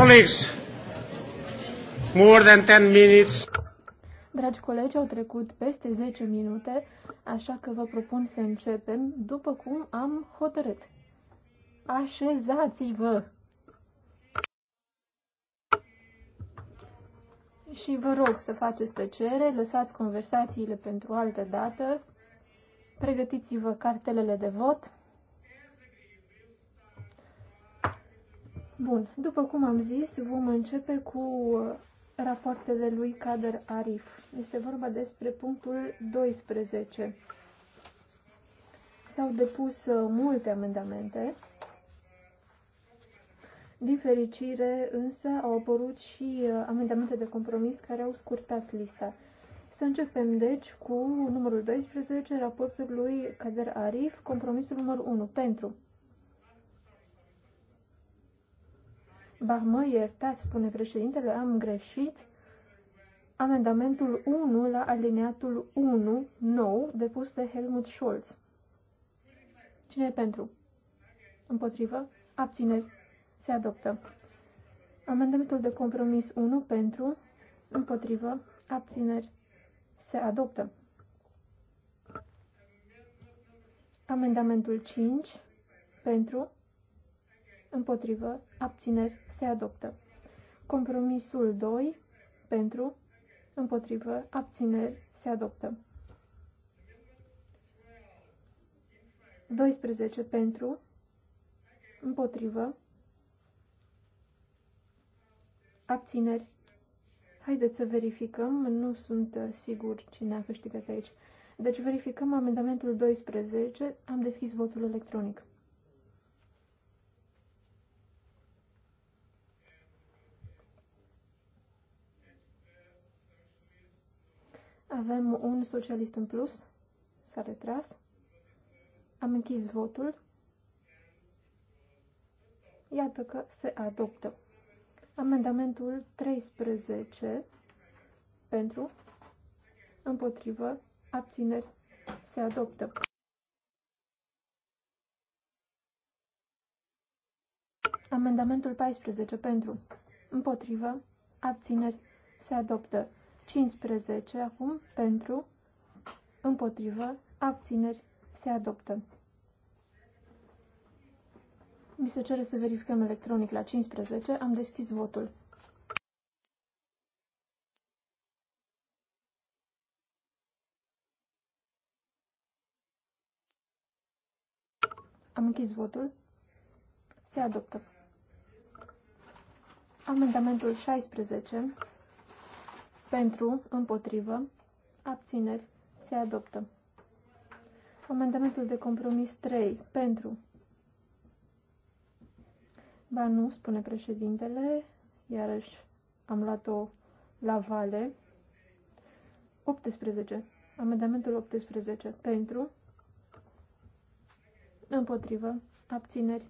colleagues, more than 10 minutes. Dragi colegi, au trecut peste 10 minute, așa că vă propun să începem după cum am hotărât. Așezați-vă! Și vă rog să faceți tăcere, lăsați conversațiile pentru altă dată, pregătiți-vă cartelele de vot. Bun, după cum am zis, vom începe cu uh, rapoartele lui Kader Arif. Este vorba despre punctul 12. S-au depus uh, multe amendamente. Din fericire, însă, au apărut și uh, amendamente de compromis care au scurtat lista. Să începem, deci, cu numărul 12, raportul lui Kader Arif, compromisul numărul 1, pentru Ba, mă iertați, spune președintele, am greșit. Amendamentul 1 la alineatul 1, nou, depus de Helmut Scholz. Cine e pentru? Împotrivă? Abțineri. Se adoptă. Amendamentul de compromis 1 pentru, împotrivă, abțineri. Se adoptă. Amendamentul 5 pentru, împotrivă, abțineri, se adoptă. Compromisul 2, pentru, împotrivă, abțineri, se adoptă. 12 pentru, împotrivă, abțineri. Haideți să verificăm, nu sunt uh, sigur cine a câștigat aici. Deci verificăm amendamentul 12, am deschis votul electronic. Avem un socialist în plus. S-a retras. Am închis votul. Iată că se adoptă. Amendamentul 13 pentru, împotrivă, abțineri, se adoptă. Amendamentul 14 pentru, împotrivă, abțineri, se adoptă. 15 acum pentru, împotrivă, abțineri se adoptă. Mi se cere să verificăm electronic la 15. Am deschis votul. Am închis votul. Se adoptă. Amendamentul 16 pentru, împotrivă, abțineri, se adoptă. Amendamentul de compromis 3. Pentru. Ba nu, spune președintele, iarăși am luat-o la vale. 18. Amendamentul 18. Pentru. Împotrivă. Abțineri.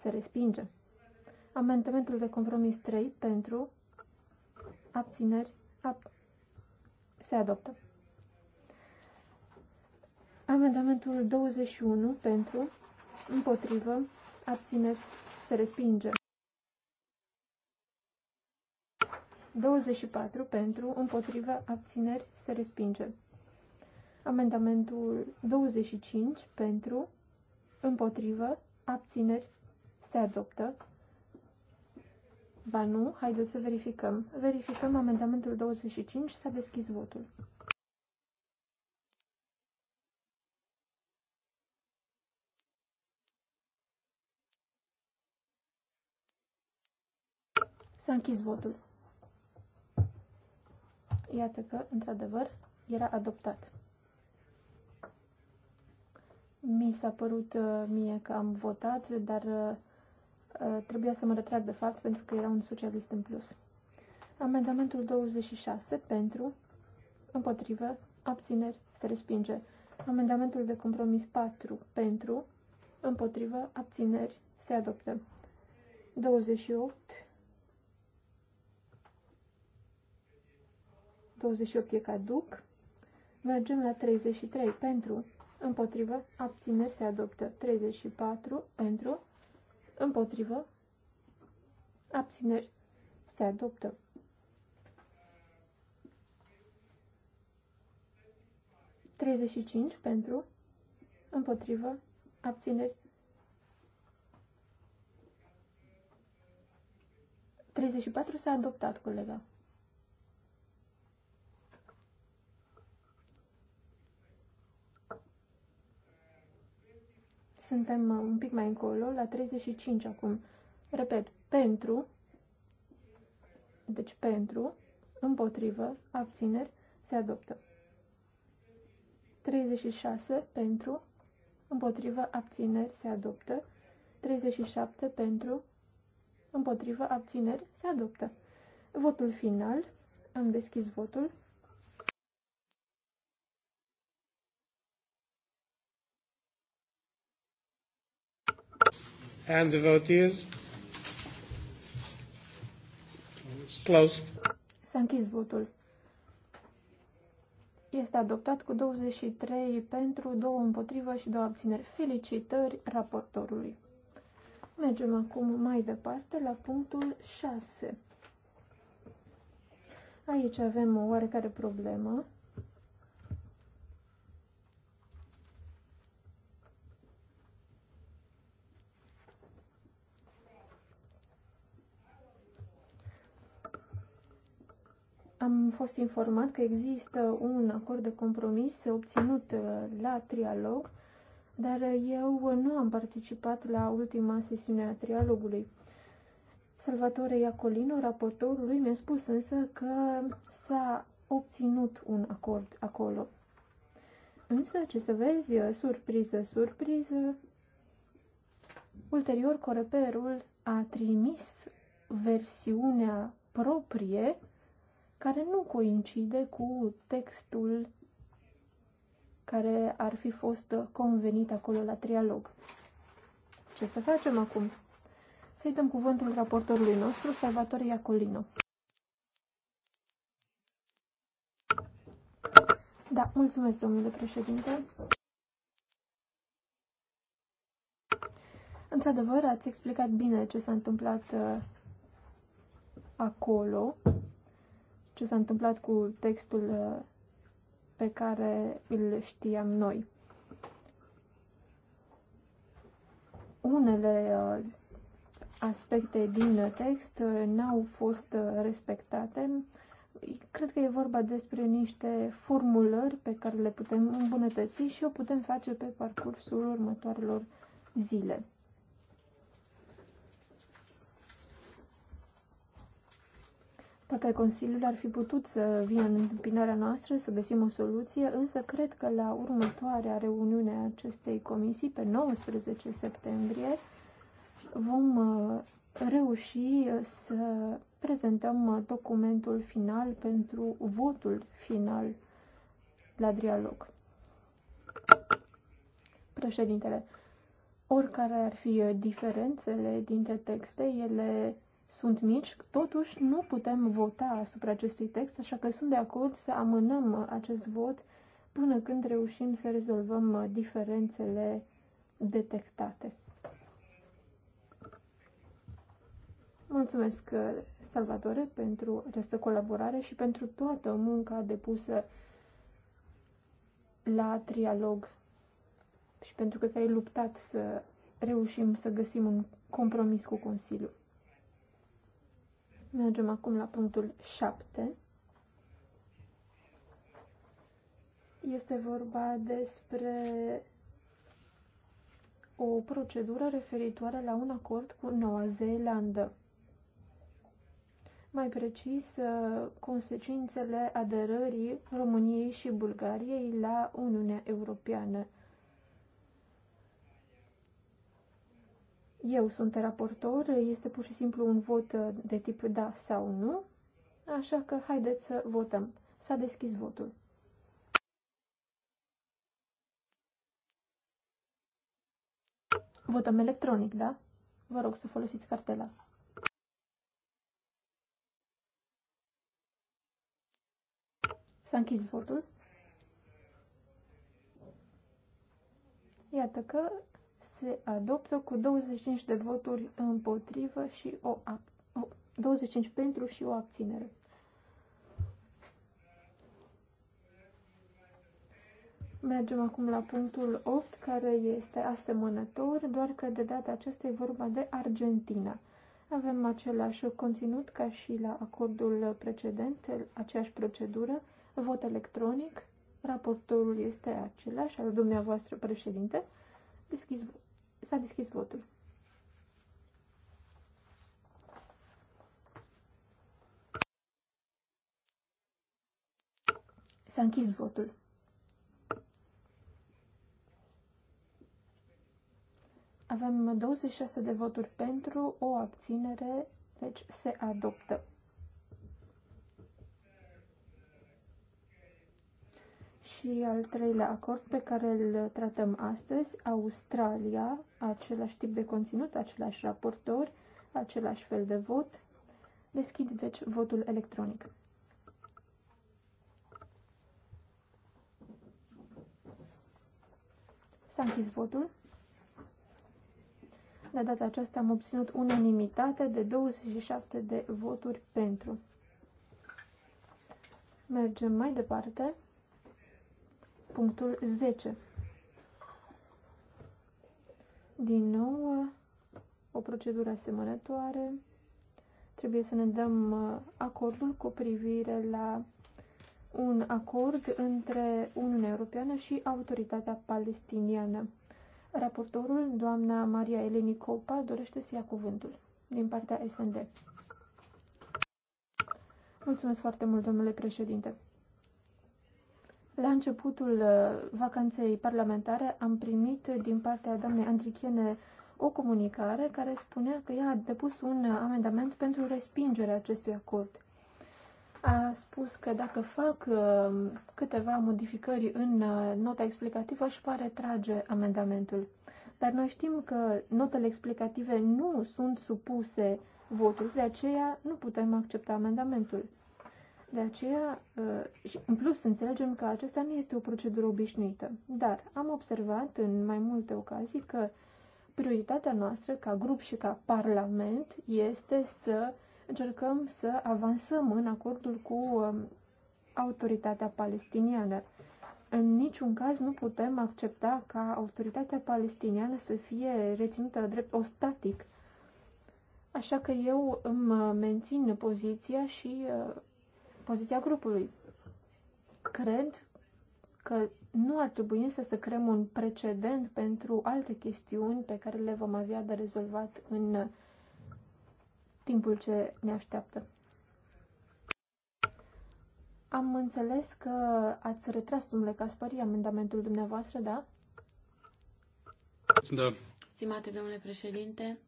Se respinge. Amendamentul de compromis 3. Pentru abțineri, ab se adoptă. Amendamentul 21 pentru, împotrivă, abțineri, se respinge. 24 pentru, împotrivă, abțineri, se respinge. Amendamentul 25 pentru, împotrivă, abțineri, se adoptă. Ba nu, haideți să verificăm. Verificăm amendamentul 25, s-a deschis votul. S-a închis votul. Iată că, într-adevăr, era adoptat. Mi s-a părut uh, mie că am votat, dar uh, Uh, trebuia să mă retrag de fapt pentru că era un socialist în plus. Amendamentul 26 pentru, împotrivă, abțineri, se respinge. Amendamentul de compromis 4 pentru, împotrivă, abțineri, se adoptă. 28 28 e caduc. Mergem la 33 pentru, împotrivă, abțineri se adoptă. 34 pentru, Împotrivă. Abțineri. Se adoptă. Treizeci și cinci pentru. Împotrivă. Abțineri. 34 s-a adoptat, colega. suntem uh, un pic mai încolo, la 35 acum. Repet, pentru, deci pentru, împotrivă, abțineri, se adoptă. 36 pentru, împotrivă, abțineri, se adoptă. 37 pentru, împotrivă, abțineri, se adoptă. Votul final, am deschis votul. And the vote is closed. S-a închis votul. Este adoptat cu 23 pentru, 2 împotrivă și 2 abțineri. Felicitări raportorului. Mergem acum mai departe la punctul 6. Aici avem o oarecare problemă. Am fost informat că există un acord de compromis obținut uh, la trialog, dar eu nu am participat la ultima sesiune a trialogului. Salvatore Iacolino, raportorul lui, mi-a spus însă că s-a obținut un acord acolo. Însă, ce să vezi, surpriză, surpriză, ulterior Coreperul a trimis versiunea proprie care nu coincide cu textul care ar fi fost convenit acolo la trialog. Ce să facem acum? Să-i dăm cuvântul raportorului nostru, Salvatore Iacolino. Da, mulțumesc, domnule președinte. Într-adevăr, ați explicat bine ce s-a întâmplat uh, acolo ce s-a întâmplat cu textul uh, pe care îl știam noi. Unele uh, aspecte din text uh, n-au fost respectate. Cred că e vorba despre niște formulări pe care le putem îmbunătăți și o putem face pe parcursul următoarelor zile. Poate Consiliul ar fi putut să vină în întâmpinarea noastră, să găsim o soluție, însă cred că la următoarea reuniune a acestei comisii, pe 19 septembrie, vom uh, reuși uh, să prezentăm uh, documentul final pentru votul final la dialog. Președintele, oricare ar fi diferențele dintre texte, ele sunt mici, totuși nu putem vota asupra acestui text, așa că sunt de acord să amânăm acest vot până când reușim să rezolvăm diferențele detectate. Mulțumesc, Salvatore, pentru această colaborare și pentru toată munca depusă la trialog și pentru că ți-ai luptat să reușim să găsim un compromis cu Consiliul. Mergem acum la punctul 7. Este vorba despre o procedură referitoare la un acord cu Noua Zeelandă. Mai precis, uh, consecințele aderării României și Bulgariei la Uniunea Europeană. Eu sunt raportor, este pur și simplu un vot uh, de tip da sau nu, așa că haideți să votăm. S-a deschis votul. Votăm electronic, da? Vă rog să folosiți cartela. S-a închis votul. Iată că se adoptă cu 25 de voturi împotrivă și o, 25 pentru și o abținere. Mergem acum la punctul 8, care este asemănător, doar că de data aceasta e vorba de Argentina. Avem același conținut ca și la acordul precedent, aceeași procedură, vot electronic, raportorul este același, al dumneavoastră președinte, deschis vot. S-a deschis votul. S-a închis votul. Avem 26 de voturi pentru, o abținere, deci se adoptă. și al treilea acord pe care îl tratăm astăzi, Australia, același tip de conținut, același raportor, același fel de vot. Deschid, deci, votul electronic. S-a închis votul. De data aceasta am obținut unanimitate de 27 de voturi pentru. Mergem mai departe punctul 10. Din nou, o procedură asemănătoare. Trebuie să ne dăm uh, acordul cu privire la un acord între Uniunea Europeană și Autoritatea Palestiniană. Raportorul, doamna Maria Eleni Copa, dorește să ia cuvântul din partea SND. Mulțumesc foarte mult, domnule președinte. La începutul uh, vacanței parlamentare am primit din partea doamnei Andrichiene o comunicare care spunea că ea a depus un amendament pentru respingerea acestui acord. A spus că dacă fac uh, câteva modificări în uh, nota explicativă, își va retrage amendamentul. Dar noi știm că notele explicative nu sunt supuse votului, de aceea nu putem accepta amendamentul. De aceea, uh, și în plus, înțelegem că acesta nu este o procedură obișnuită. Dar am observat în mai multe ocazii că prioritatea noastră ca grup și ca parlament este să încercăm să avansăm în acordul cu um, autoritatea palestiniană. În niciun caz nu putem accepta ca autoritatea palestiniană să fie reținută drept ostatic. Așa că eu îmi uh, mențin poziția și uh, poziția grupului. Cred că nu ar trebui însă să creăm un precedent pentru alte chestiuni pe care le vom avea de rezolvat în timpul ce ne așteaptă. Am înțeles că ați retras, domnule Caspari, amendamentul dumneavoastră, da? Da. Stimate domnule președinte,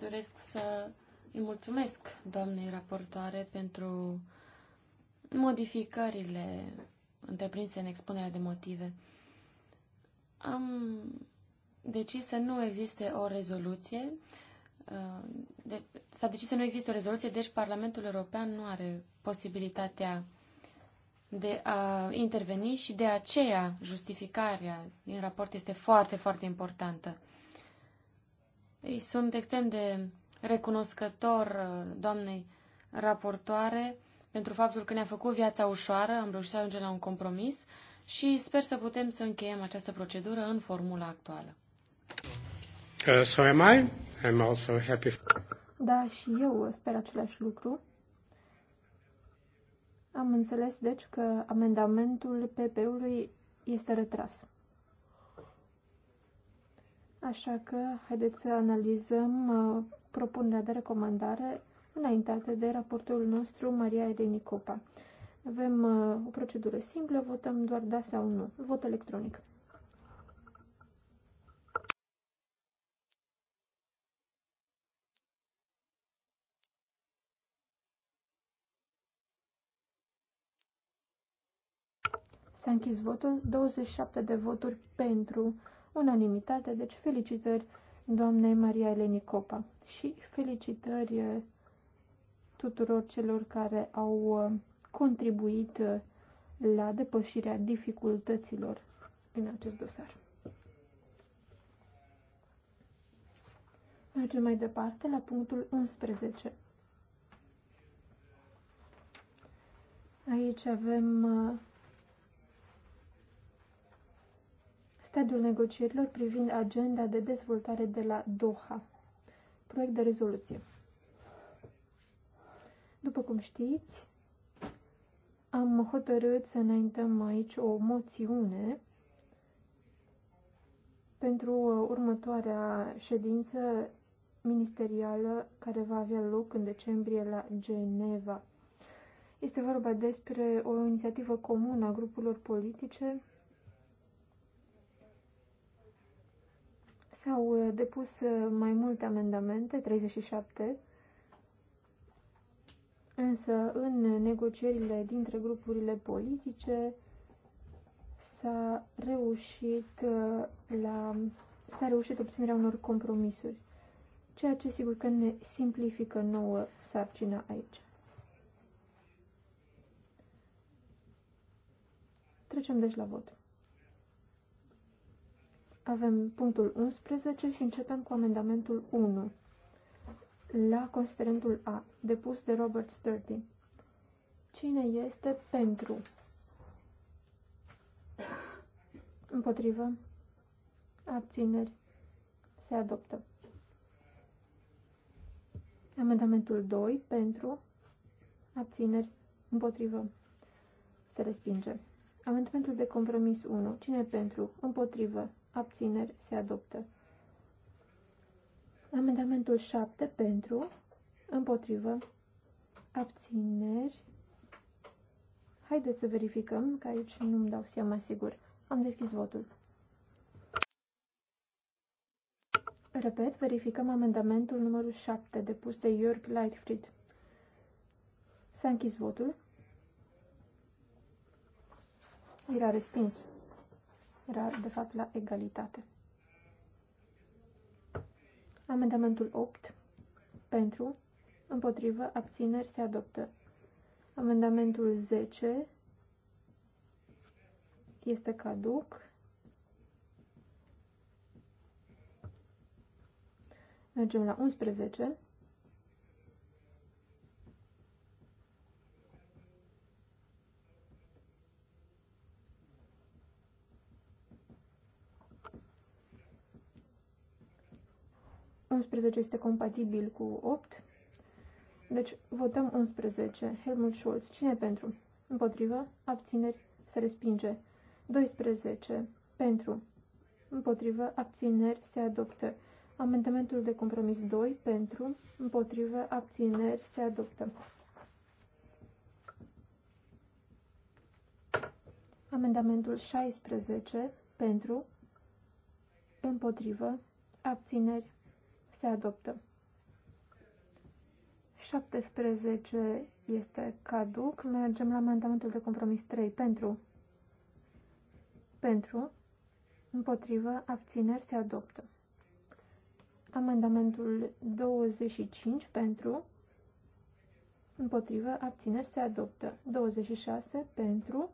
doresc să îi mulțumesc doamnei raportoare pentru modificările întreprinse în expunerea de motive. Am decis să nu existe o rezoluție, uh, de, s-a decis să nu existe o rezoluție, deci Parlamentul European nu are posibilitatea de a interveni și de aceea justificarea din raport este foarte, foarte importantă. Ei sunt extrem de recunoscător uh, doamnei raportoare pentru faptul că ne-a făcut viața ușoară, am reușit să ajungem la un compromis și sper să putem să încheiem această procedură în formula actuală. Uh, so am I. I'm also happy. Da, și eu sper același lucru. Am înțeles, deci, că amendamentul PP-ului este retras. Așa că haideți să analizăm uh, propunerea de recomandare înaintate de raportorul nostru, Maria Eleni Copa. Avem uh, o procedură simplă, votăm doar da sau nu. Vot electronic. S-a închis votul, 27 de voturi pentru unanimitate, deci felicitări doamnei Maria Eleni Copa și felicitări uh, tuturor celor care au uh, contribuit uh, la depășirea dificultăților în acest dosar. Mergem mai departe la punctul 11. Aici avem uh, stadiul negocierilor privind agenda de dezvoltare de la Doha. Proiect de rezoluție. După cum știți, am hotărât să înaintăm aici o moțiune pentru următoarea ședință ministerială care va avea loc în decembrie la Geneva. Este vorba despre o inițiativă comună a grupurilor politice. S-au uh, depus uh, mai multe amendamente, 37, Însă, în negocierile dintre grupurile politice, s-a reușit uh, la s-a reușit obținerea unor compromisuri, ceea ce sigur că ne simplifică nouă sarcina aici. Trecem deci la vot. Avem punctul 11 și începem cu amendamentul 1 la considerentul A, depus de Robert Sturdy. Cine este pentru? Împotrivă. Abțineri. Se adoptă. Amendamentul 2 pentru abțineri împotrivă. Se respinge. Amendamentul de compromis 1. Cine pentru? Împotrivă. Abțineri. Se adoptă. Amendamentul 7 pentru, împotrivă, abțineri. Haideți să verificăm, că aici nu-mi dau seama sigur. Am deschis votul. Repet, verificăm amendamentul numărul 7 depus de Jörg Lightfried. S-a închis votul. Era respins. Era, de fapt, la egalitate. Amendamentul 8 pentru, împotrivă, abțineri se adoptă. Amendamentul 10 este caduc. Mergem la 11. 11 este compatibil cu 8. Deci votăm 11. Helmut Schulz. Cine pentru? Împotrivă. Abțineri. Se respinge. 12. Pentru. Împotrivă. Abțineri. Se adoptă. Amendamentul de compromis 2. Pentru. Împotrivă. Abțineri. Se adoptă. Amendamentul 16. Pentru. Împotrivă. Abțineri se adoptă. 17 este caduc. Mergem la amendamentul de compromis 3. Pentru. Pentru. Împotrivă. Abțineri se adoptă. Amendamentul 25. Pentru. Împotrivă. Abțineri se adoptă. 26. Pentru.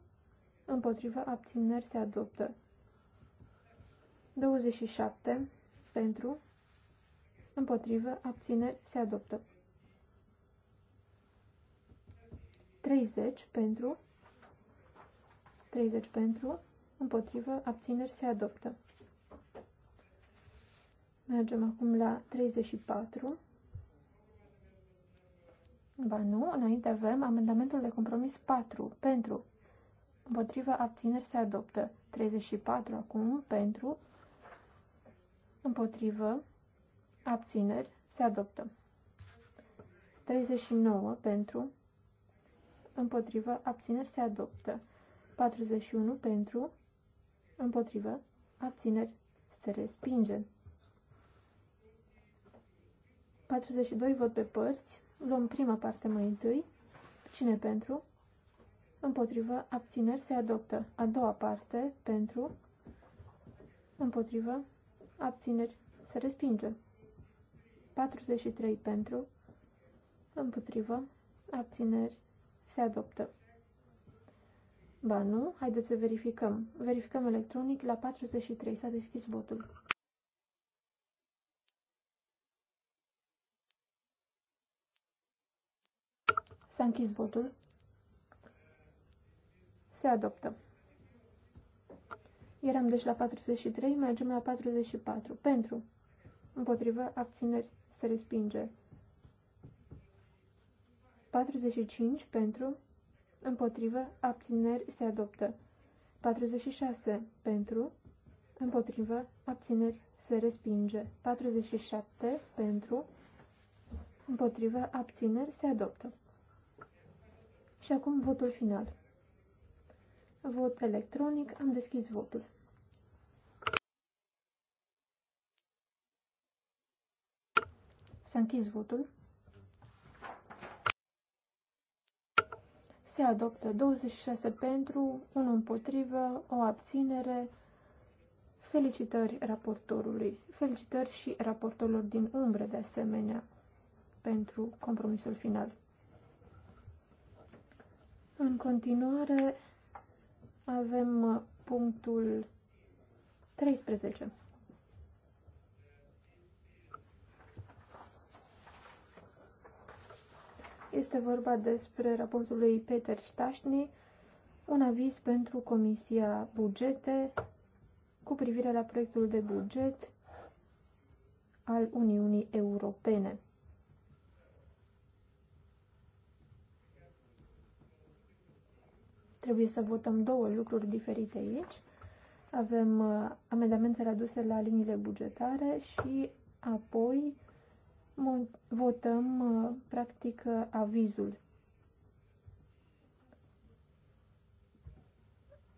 Împotrivă. Abțineri se adoptă. 27. Pentru împotrivă, abțineri, se adoptă. 30 pentru, 30 pentru, împotrivă, abțineri, se adoptă. Mergem acum la 34. Ba nu, înainte avem amendamentul de compromis 4 pentru, împotrivă, abțineri, se adoptă. 34 acum pentru, împotrivă, abțineri, se adoptă. 39 pentru, împotrivă, abțineri, se adoptă. 41 pentru, împotrivă, abțineri, se respinge. 42 vot pe părți, luăm prima parte mai întâi, cine pentru, împotrivă, abțineri, se adoptă. A doua parte, pentru, împotrivă, abțineri, se respinge. 43 pentru, împotrivă, abțineri, se adoptă. Ba nu, haideți să verificăm. Verificăm electronic, la 43 s-a deschis votul. S-a închis votul. Se adoptă. Eram deci la 43, mergem la 44. Pentru, împotrivă, abțineri, se respinge. 45 pentru, împotrivă, abțineri se adoptă. 46 pentru, împotrivă, abțineri se respinge. 47 pentru, împotrivă, abțineri se adoptă. Și acum votul final. Vot electronic, am deschis votul. S-a închis votul. Se adoptă 26 pentru, 1 împotrivă, o abținere. Felicitări raportorului. Felicitări și raportorilor din umbră, de asemenea, pentru compromisul final. În continuare avem uh, punctul 13. Este vorba despre raportul lui Peter Ștașni, un aviz pentru Comisia Bugete cu privire la proiectul de buget al Uniunii Europene. Trebuie să votăm două lucruri diferite aici. Avem uh, amendamente aduse la liniile bugetare și apoi votăm, practic, uh, avizul.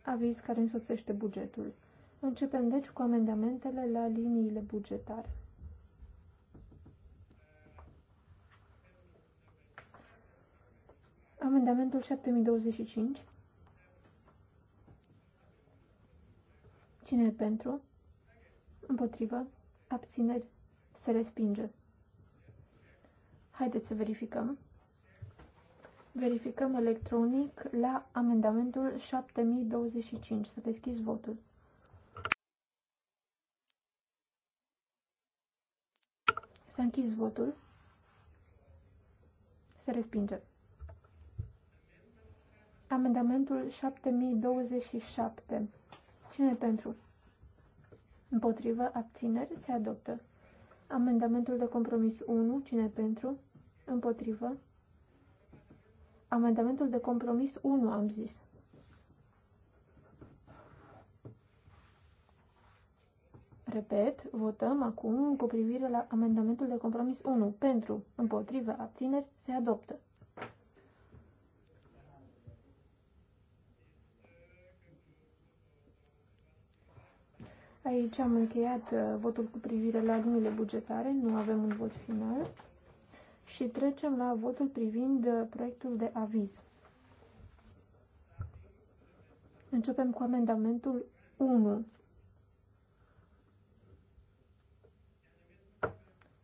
Aviz care însoțește bugetul. Începem, deci, cu amendamentele la liniile bugetare. Amendamentul 7025. Cine e pentru? Împotrivă? Abțineri? Se respinge. Haideți să verificăm. Verificăm electronic la amendamentul 7025. Să deschizi votul. S-a închis votul. Se respinge. Amendamentul 7027. Cine pentru? Împotrivă, abțineri, se adoptă. Amendamentul de compromis 1, cine pentru? Împotrivă. Amendamentul de compromis 1, am zis. Repet, votăm acum cu privire la amendamentul de compromis 1. Pentru, împotrivă, abțineri, se adoptă. Aici am încheiat uh, votul cu privire la liniile bugetare, nu avem un vot final. Și trecem la votul privind uh, proiectul de aviz. Începem cu amendamentul 1.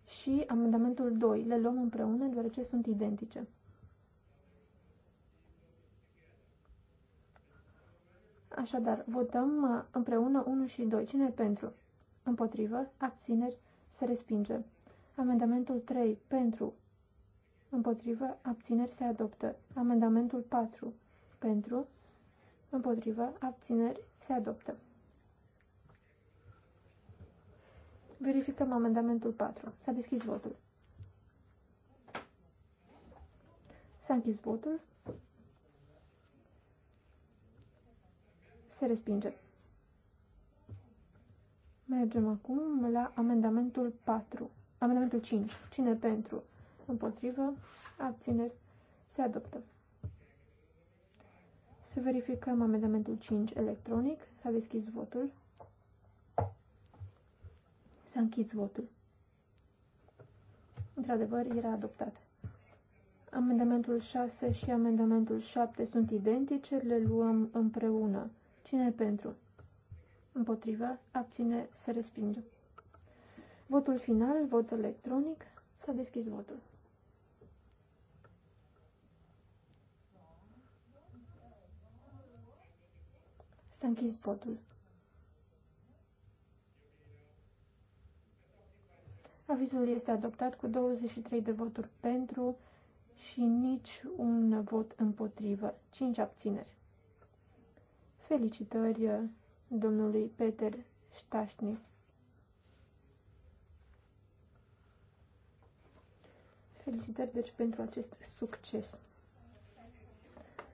Și amendamentul 2. Le luăm împreună deoarece sunt identice. Așadar, votăm uh, împreună 1 și 2. Cine pentru? Împotrivă, abțineri, se respinge. Amendamentul 3, pentru, împotrivă, abțineri, se adoptă. Amendamentul 4, pentru, împotrivă, abțineri, se adoptă. Verificăm amendamentul 4. S-a deschis votul. S-a închis votul. se respinge. Mergem acum la amendamentul 4. Amendamentul 5. Cine pentru? Împotrivă? Abțineri? Se adoptă. Să verificăm amendamentul 5 electronic. S-a deschis votul. S-a închis votul. Într-adevăr, era adoptat. Amendamentul 6 și amendamentul 7 sunt identice, le luăm împreună. Cine e pentru? Împotrivă, abține, se respinge. Votul final, vot electronic, s-a deschis votul. S-a închis votul. Avizul este adoptat cu 23 de voturi pentru și nici un vot împotrivă, 5 abțineri. Felicitări uh, domnului Peter Ștașnic. Felicitări, deci, pentru acest succes.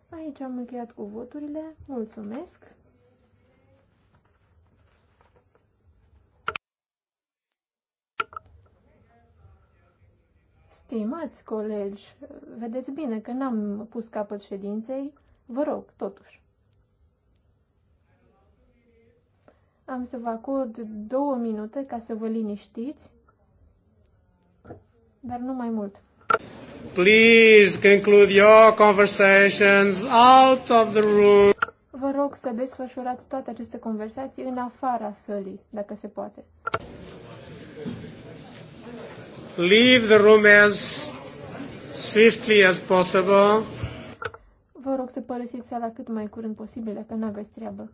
Aici am încheiat cu voturile. Mulțumesc! Stimați colegi, vedeți bine că n-am pus capăt ședinței. Vă rog, totuși. Am să vă acord două minute ca să vă liniștiți, dar nu mai mult. Please conclude your conversations out of the room. Vă rog să desfășurați toate aceste conversații în afara sălii, dacă se poate. Leave the room as swiftly as possible. Vă rog să părăsiți sala cât mai curând posibil, dacă nu aveți treabă.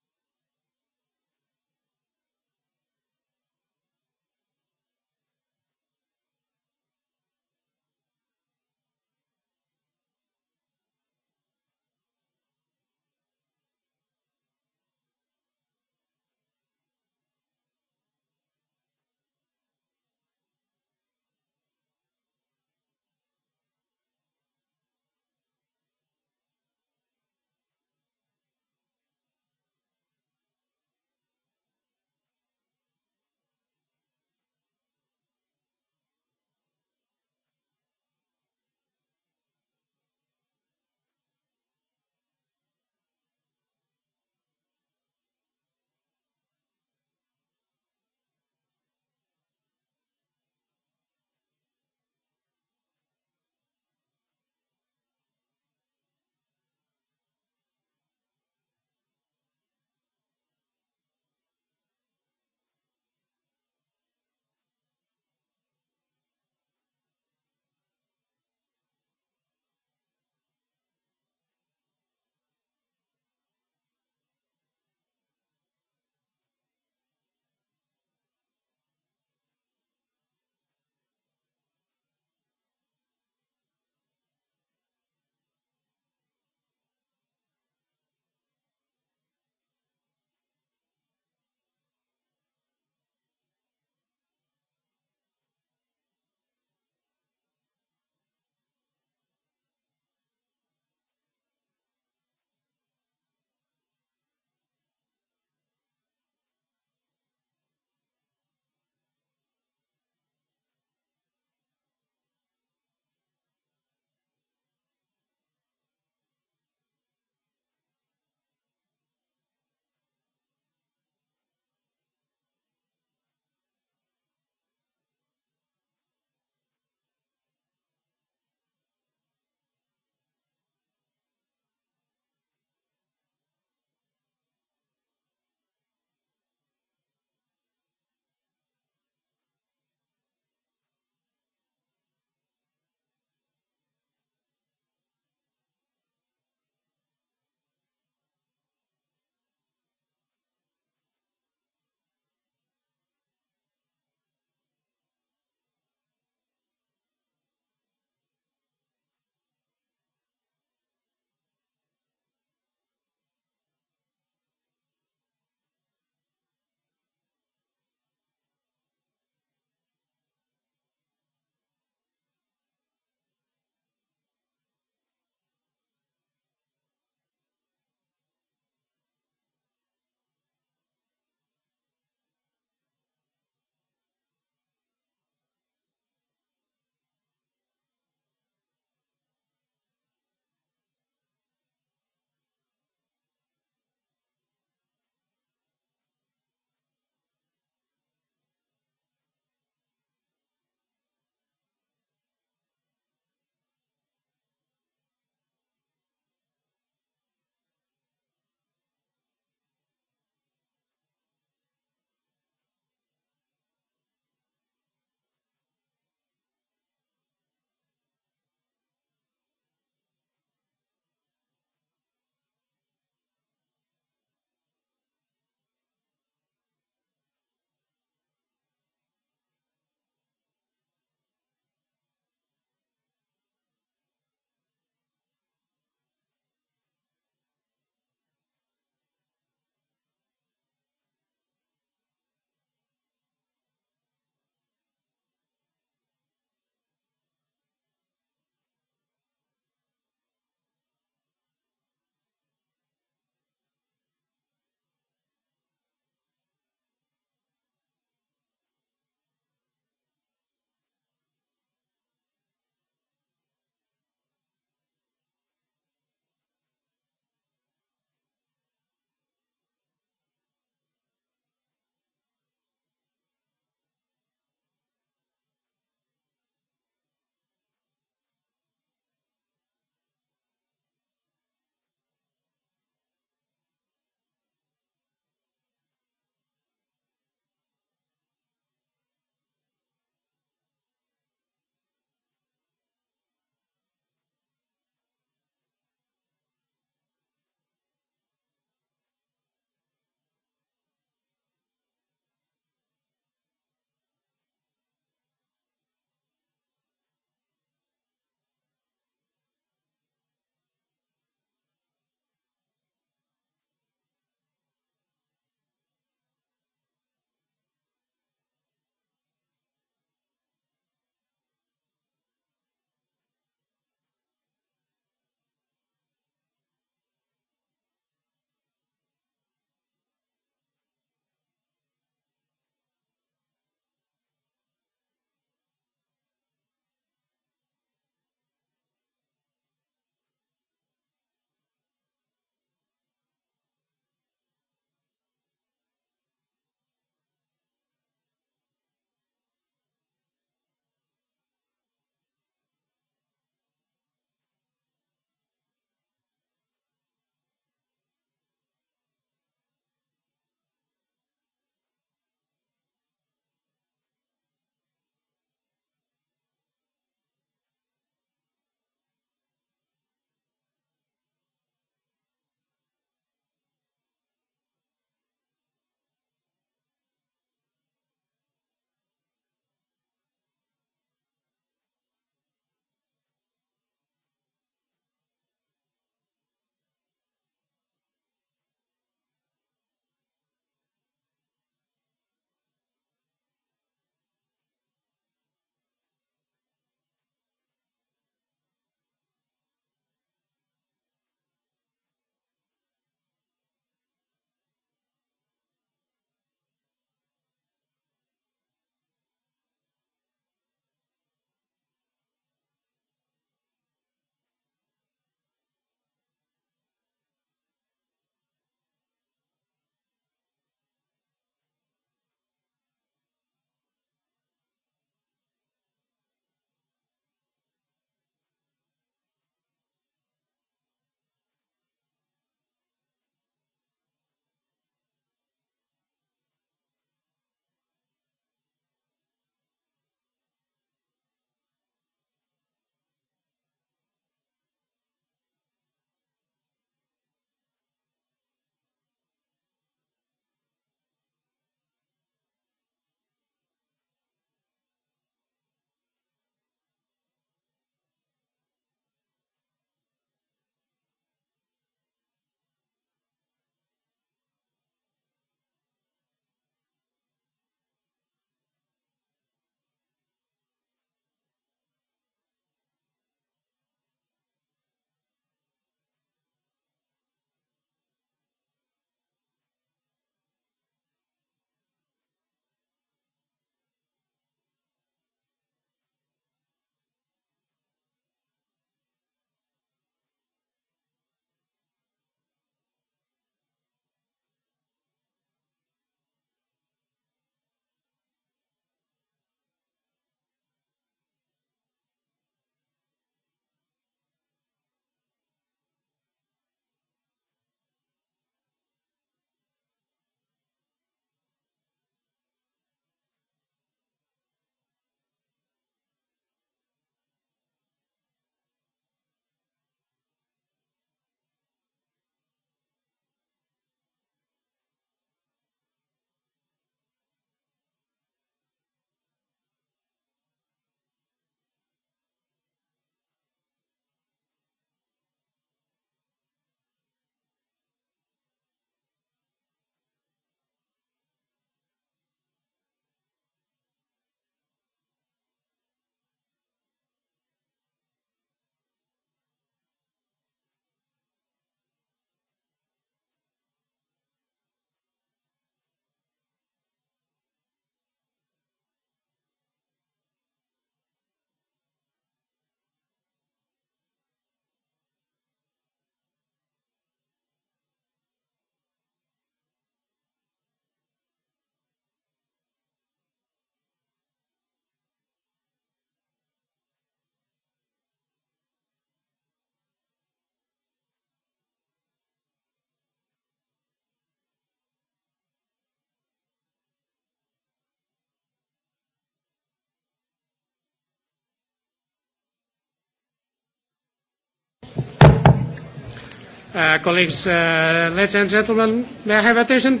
Uh, colleagues, uh, ladies and gentlemen, may I have attention?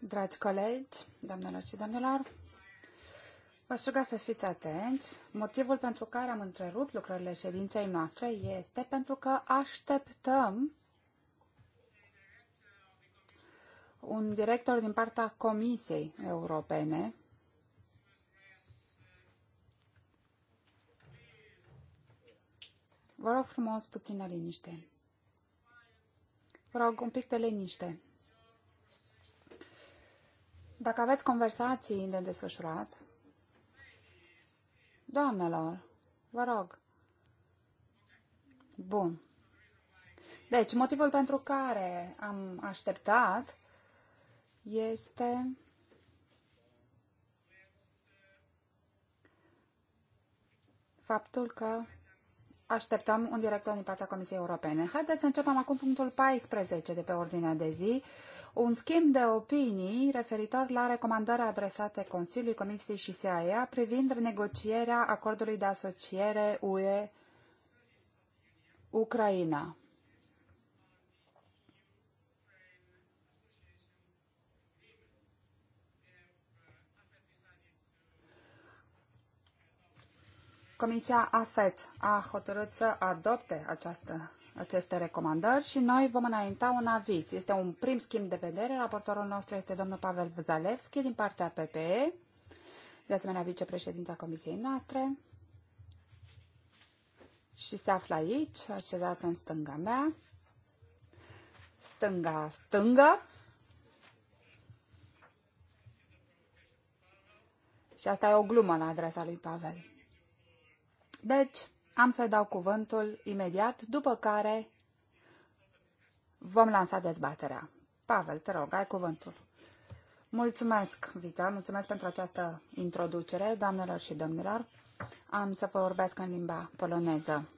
Dragi colegi, doamnelor și domnilor, vă aș ruga să fiți atenți. Motivul pentru care am întrerupt lucrările ședinței noastre este pentru că așteptăm un director din partea Comisiei Europene Vă rog frumos, puțină liniște. Vă rog un pic de liniște. Dacă aveți conversații de desfășurat, doamnelor, vă rog. Bun. Deci, motivul pentru care am așteptat este faptul că așteptăm un director din partea Comisiei Europene. Haideți să începem acum punctul 14 de pe ordinea de zi, un schimb de opinii referitor la recomandarea adresate Consiliului Comisiei și CIA privind negocierea acordului de asociere UE Ucraina. Comisia AFET a hotărât să adopte această, aceste recomandări și noi vom înainta un aviz. Este un prim schimb de vedere. Raportorul nostru este domnul Pavel Zalewski din partea PPE, de asemenea vicepreședinta Comisiei noastre și se află aici, așezat în stânga mea, stânga stângă. Și asta e o glumă la adresa lui Pavel. Deci, am să dau cuvântul imediat, după care vom lansa dezbaterea. Pavel, te rog, ai cuvântul. Mulțumesc, Vita, mulțumesc pentru această introducere, doamnelor și domnilor. Am să vorbesc în limba poloneză.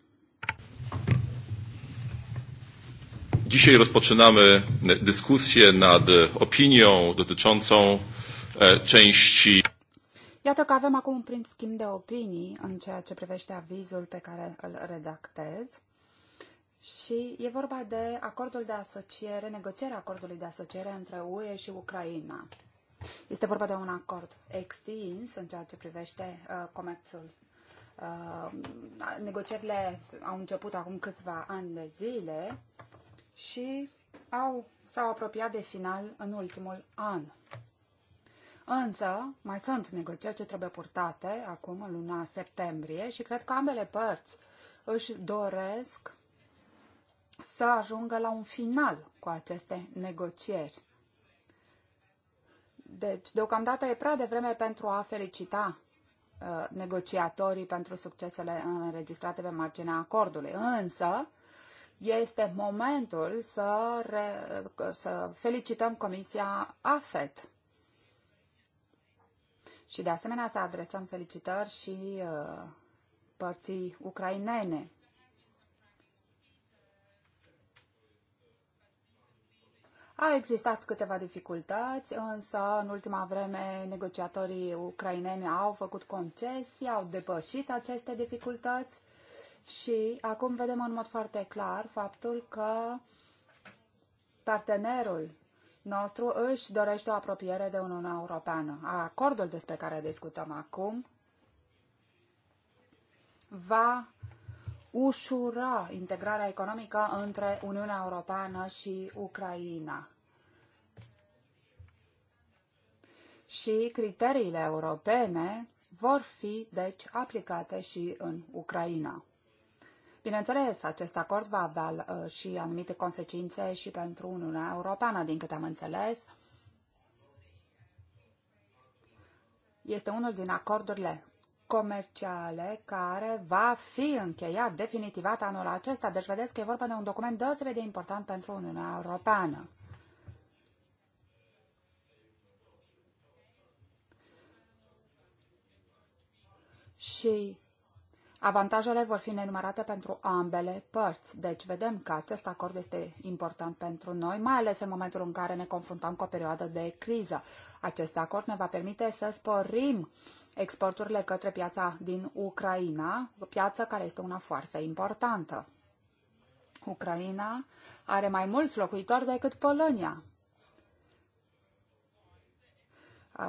Dzisiaj rozpoczynamy dyskusję nad opinią dotyczącą części Iată că avem acum un prim schimb de opinii în ceea ce privește avizul pe care îl redactez. Și e vorba de acordul de asociere, negocierea acordului de asociere între UE și Ucraina. Este vorba de un acord extins în ceea ce privește uh, comerțul. Uh, negocierile au început acum câțiva ani de zile și au, s-au apropiat de final în ultimul an. Însă, mai sunt negocieri ce trebuie purtate acum în luna septembrie și cred că ambele părți își doresc să ajungă la un final cu aceste negocieri. Deci, deocamdată e prea devreme pentru a felicita uh, negociatorii pentru succesele înregistrate pe marginea acordului. Însă, este momentul să, re, să felicităm Comisia AFET și de asemenea să adresăm felicitări și uh, părții ucrainene. Au existat câteva dificultăți, însă în ultima vreme negociatorii ucraineni au făcut concesii, au depășit aceste dificultăți și acum vedem în mod foarte clar faptul că partenerul nostru își dorește o apropiere de Uniunea Europeană. Acordul despre care discutăm acum va ușura integrarea economică între Uniunea Europeană și Ucraina. Și criteriile europene vor fi, deci, aplicate și în Ucraina. Bineînțeles, acest acord va avea uh, și anumite consecințe și pentru Uniunea Europeană, din câte am înțeles. Este unul din acordurile comerciale care va fi încheiat definitivat anul acesta. Deci vedeți că e vorba de un document deosebit de important pentru Uniunea Europeană. Și Avantajele vor fi nenumărate pentru ambele părți, deci vedem că acest acord este important pentru noi, mai ales în momentul în care ne confruntăm cu o perioadă de criză. Acest acord ne va permite să sporim exporturile către piața din Ucraina, piață care este una foarte importantă. Ucraina are mai mulți locuitori decât Polonia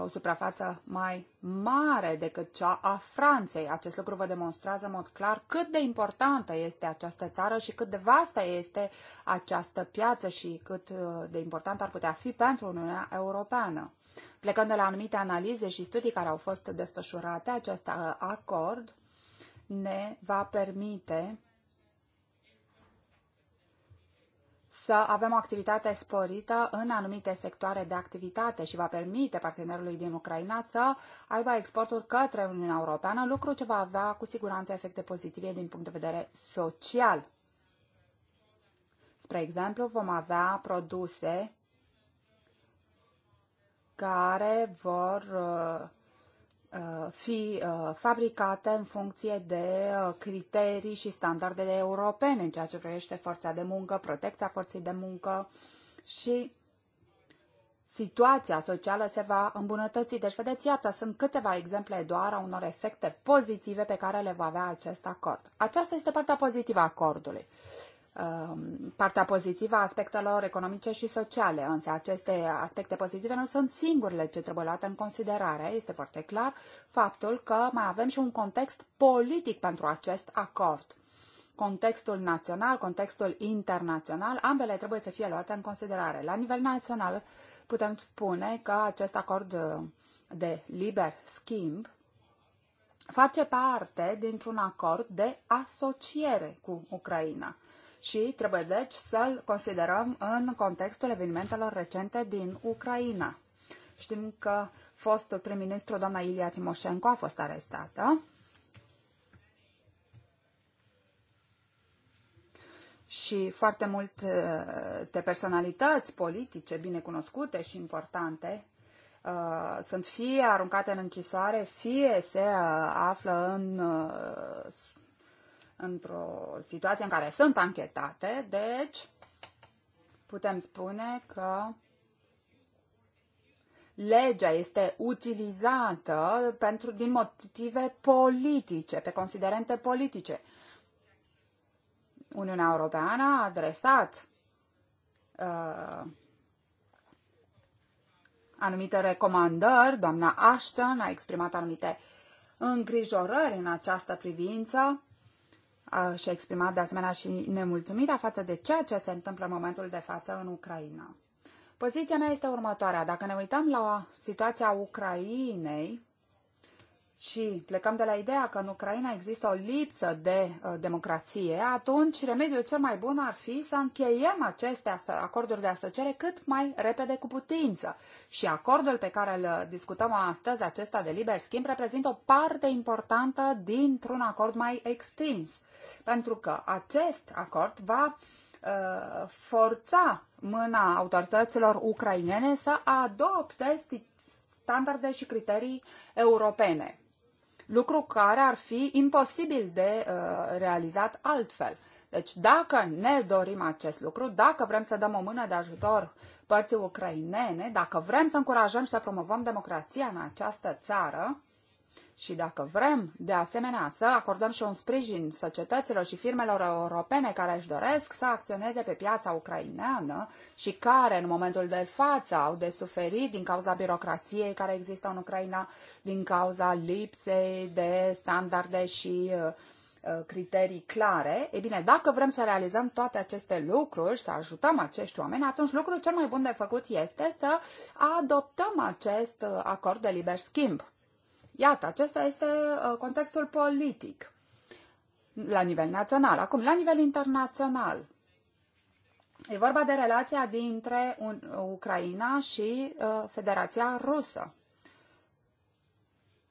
o suprafață mai mare decât cea a Franței. Acest lucru vă demonstrează în mod clar cât de importantă este această țară și cât de vastă este această piață și cât uh, de important ar putea fi pentru Uniunea Europeană. Plecând de la anumite analize și studii care au fost desfășurate, acest uh, acord ne va permite să avem o activitate sporită în anumite sectoare de activitate și va permite partenerului din Ucraina să aibă exporturi către Uniunea Europeană, lucru ce va avea cu siguranță efecte pozitive din punct de vedere social. Spre exemplu, vom avea produse care vor uh, Uh, fi uh, fabricate în funcție de uh, criterii și standardele europene în ceea ce privește forța de muncă, protecția forței de muncă și situația socială se va îmbunătăți. Deci, vedeți, iată, sunt câteva exemple doar a unor efecte pozitive pe care le va avea acest acord. Aceasta este partea pozitivă a acordului. Um, partea pozitivă a aspectelor economice și sociale, însă aceste aspecte pozitive nu sunt singurele ce trebuie luate în considerare. Este foarte clar faptul că mai avem și un context politic pentru acest acord. Contextul național, contextul internațional, ambele trebuie să fie luate în considerare. La nivel național putem spune că acest acord de liber schimb face parte dintr-un acord de asociere cu Ucraina și trebuie deci să-l considerăm în contextul evenimentelor recente din Ucraina. Știm că fostul prim-ministru, doamna Ilia Timoshenko, a fost arestată și foarte multe uh, personalități politice binecunoscute și importante uh, sunt fie aruncate în închisoare, fie se uh, află în într-o situație în care sunt anchetate, deci putem spune că legea este utilizată pentru, din motive politice, pe considerente politice. Uniunea Europeană a adresat uh, anumite recomandări, doamna Ashton a exprimat anumite îngrijorări în această privință și-a exprimat de asemenea și nemulțumirea față de ceea ce se întâmplă în momentul de față în Ucraina. Poziția mea este următoarea. Dacă ne uităm la situația Ucrainei, și plecăm de la ideea că în Ucraina există o lipsă de uh, democrație, atunci remediul cel mai bun ar fi să încheiem aceste acorduri de asociere cât mai repede cu putință. Și acordul pe care îl uh, discutăm astăzi, acesta de liber schimb, reprezintă o parte importantă dintr-un acord mai extins. Pentru că acest acord va uh, forța mâna autorităților ucrainene să adopte standarde și criterii europene lucru care ar fi imposibil de uh, realizat altfel. Deci dacă ne dorim acest lucru, dacă vrem să dăm o mână de ajutor părții ucrainene, dacă vrem să încurajăm și să promovăm democrația în această țară, și dacă vrem, de asemenea, să acordăm și un sprijin societăților și firmelor europene care își doresc să acționeze pe piața ucraineană și care, în momentul de față, au de suferit din cauza birocrației care există în Ucraina, din cauza lipsei de standarde și uh, uh, criterii clare, e bine, dacă vrem să realizăm toate aceste lucruri, să ajutăm acești oameni, atunci lucrul cel mai bun de făcut este să adoptăm acest uh, acord de liber schimb. Iată, acesta este uh, contextul politic la nivel național. Acum, la nivel internațional, e vorba de relația dintre Ucraina și uh, Federația Rusă.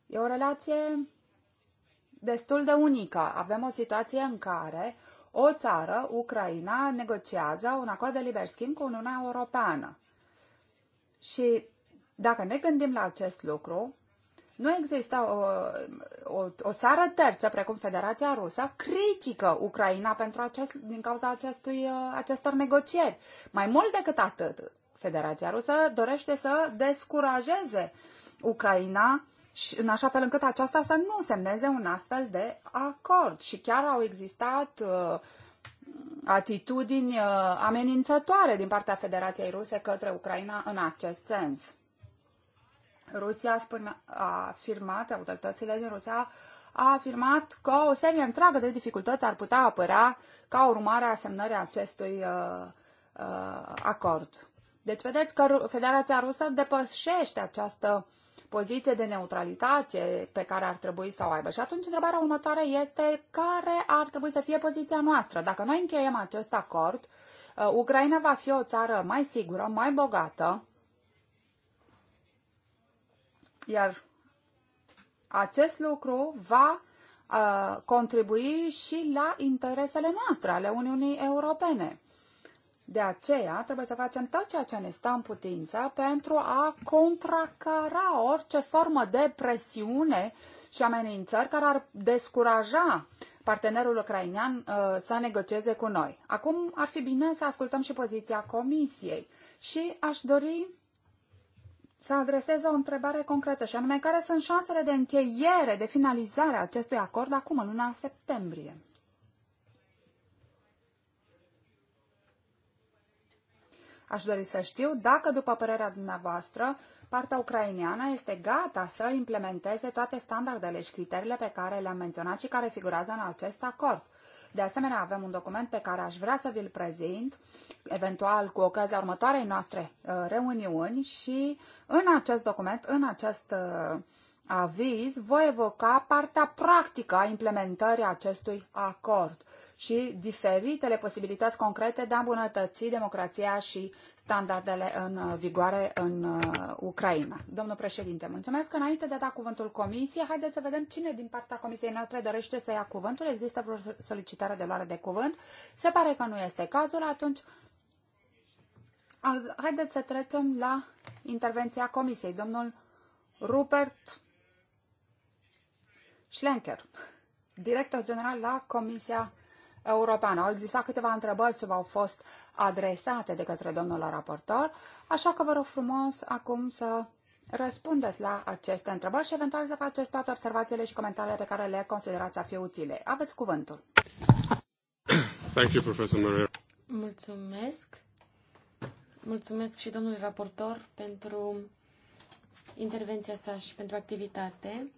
E o relație destul de unică. Avem o situație în care o țară, Ucraina, negociază un acord de liber schimb cu Uniunea Europeană. Și dacă ne gândim la acest lucru, nu există o, o, o țară terță, precum Federația Rusă, critică Ucraina pentru acest, din cauza acestui, uh, acestor negocieri. Mai mult decât atât, Federația Rusă dorește să descurajeze Ucraina și în așa fel încât aceasta să nu semneze un astfel de acord. Și chiar au existat uh, atitudini uh, amenințătoare din partea Federației Ruse către Ucraina în acest sens. Rusia a, spâna, a afirmat, autoritățile din Rusia a afirmat că o serie întreagă de dificultăți ar putea apărea ca urmare a semnării acestui uh, uh, acord. Deci vedeți că Federația Rusă depășește această poziție de neutralitate pe care ar trebui să o aibă. Și atunci întrebarea următoare este care ar trebui să fie poziția noastră. Dacă noi încheiem acest acord, uh, Ucraina va fi o țară mai sigură, mai bogată, iar acest lucru va uh, contribui și la interesele noastre ale Uniunii Europene. De aceea trebuie să facem tot ceea ce ne stă în putință pentru a contracara orice formă de presiune și amenințări care ar descuraja partenerul ucrainean uh, să negocieze cu noi. Acum ar fi bine să ascultăm și poziția Comisiei și aș dori să adreseze o întrebare concretă, și anume care sunt șansele de încheiere, de finalizare a acestui acord acum, în luna septembrie. Aș dori să știu dacă, după părerea dumneavoastră, partea ucraineană este gata să implementeze toate standardele și criteriile pe care le-am menționat și care figurează în acest acord. De asemenea, avem un document pe care aș vrea să vi-l prezint, eventual cu ocazia următoarei noastre uh, reuniuni și în acest document, în acest uh, aviz, voi evoca partea practică a implementării acestui acord și diferitele posibilități concrete de a îmbunătăți democrația și standardele în uh, vigoare în uh, Ucraina. Domnul președinte, mulțumesc. Înainte de a da cuvântul comisiei, haideți să vedem cine din partea comisiei noastre dorește să ia cuvântul. Există vreo solicitare de luare de cuvânt? Se pare că nu este cazul, atunci Haideți să trecem la intervenția comisiei. Domnul Rupert Schlenker, director general la Comisia europeană. Au existat câteva întrebări ce v-au fost adresate de către domnul raportor, așa că vă rog frumos acum să răspundeți la aceste întrebări și eventual să faceți toate observațiile și comentariile pe care le considerați a fi utile. Aveți cuvântul. Thank you, Professor Maria. Mulțumesc. Mulțumesc și domnului raportor pentru intervenția sa și pentru activitate.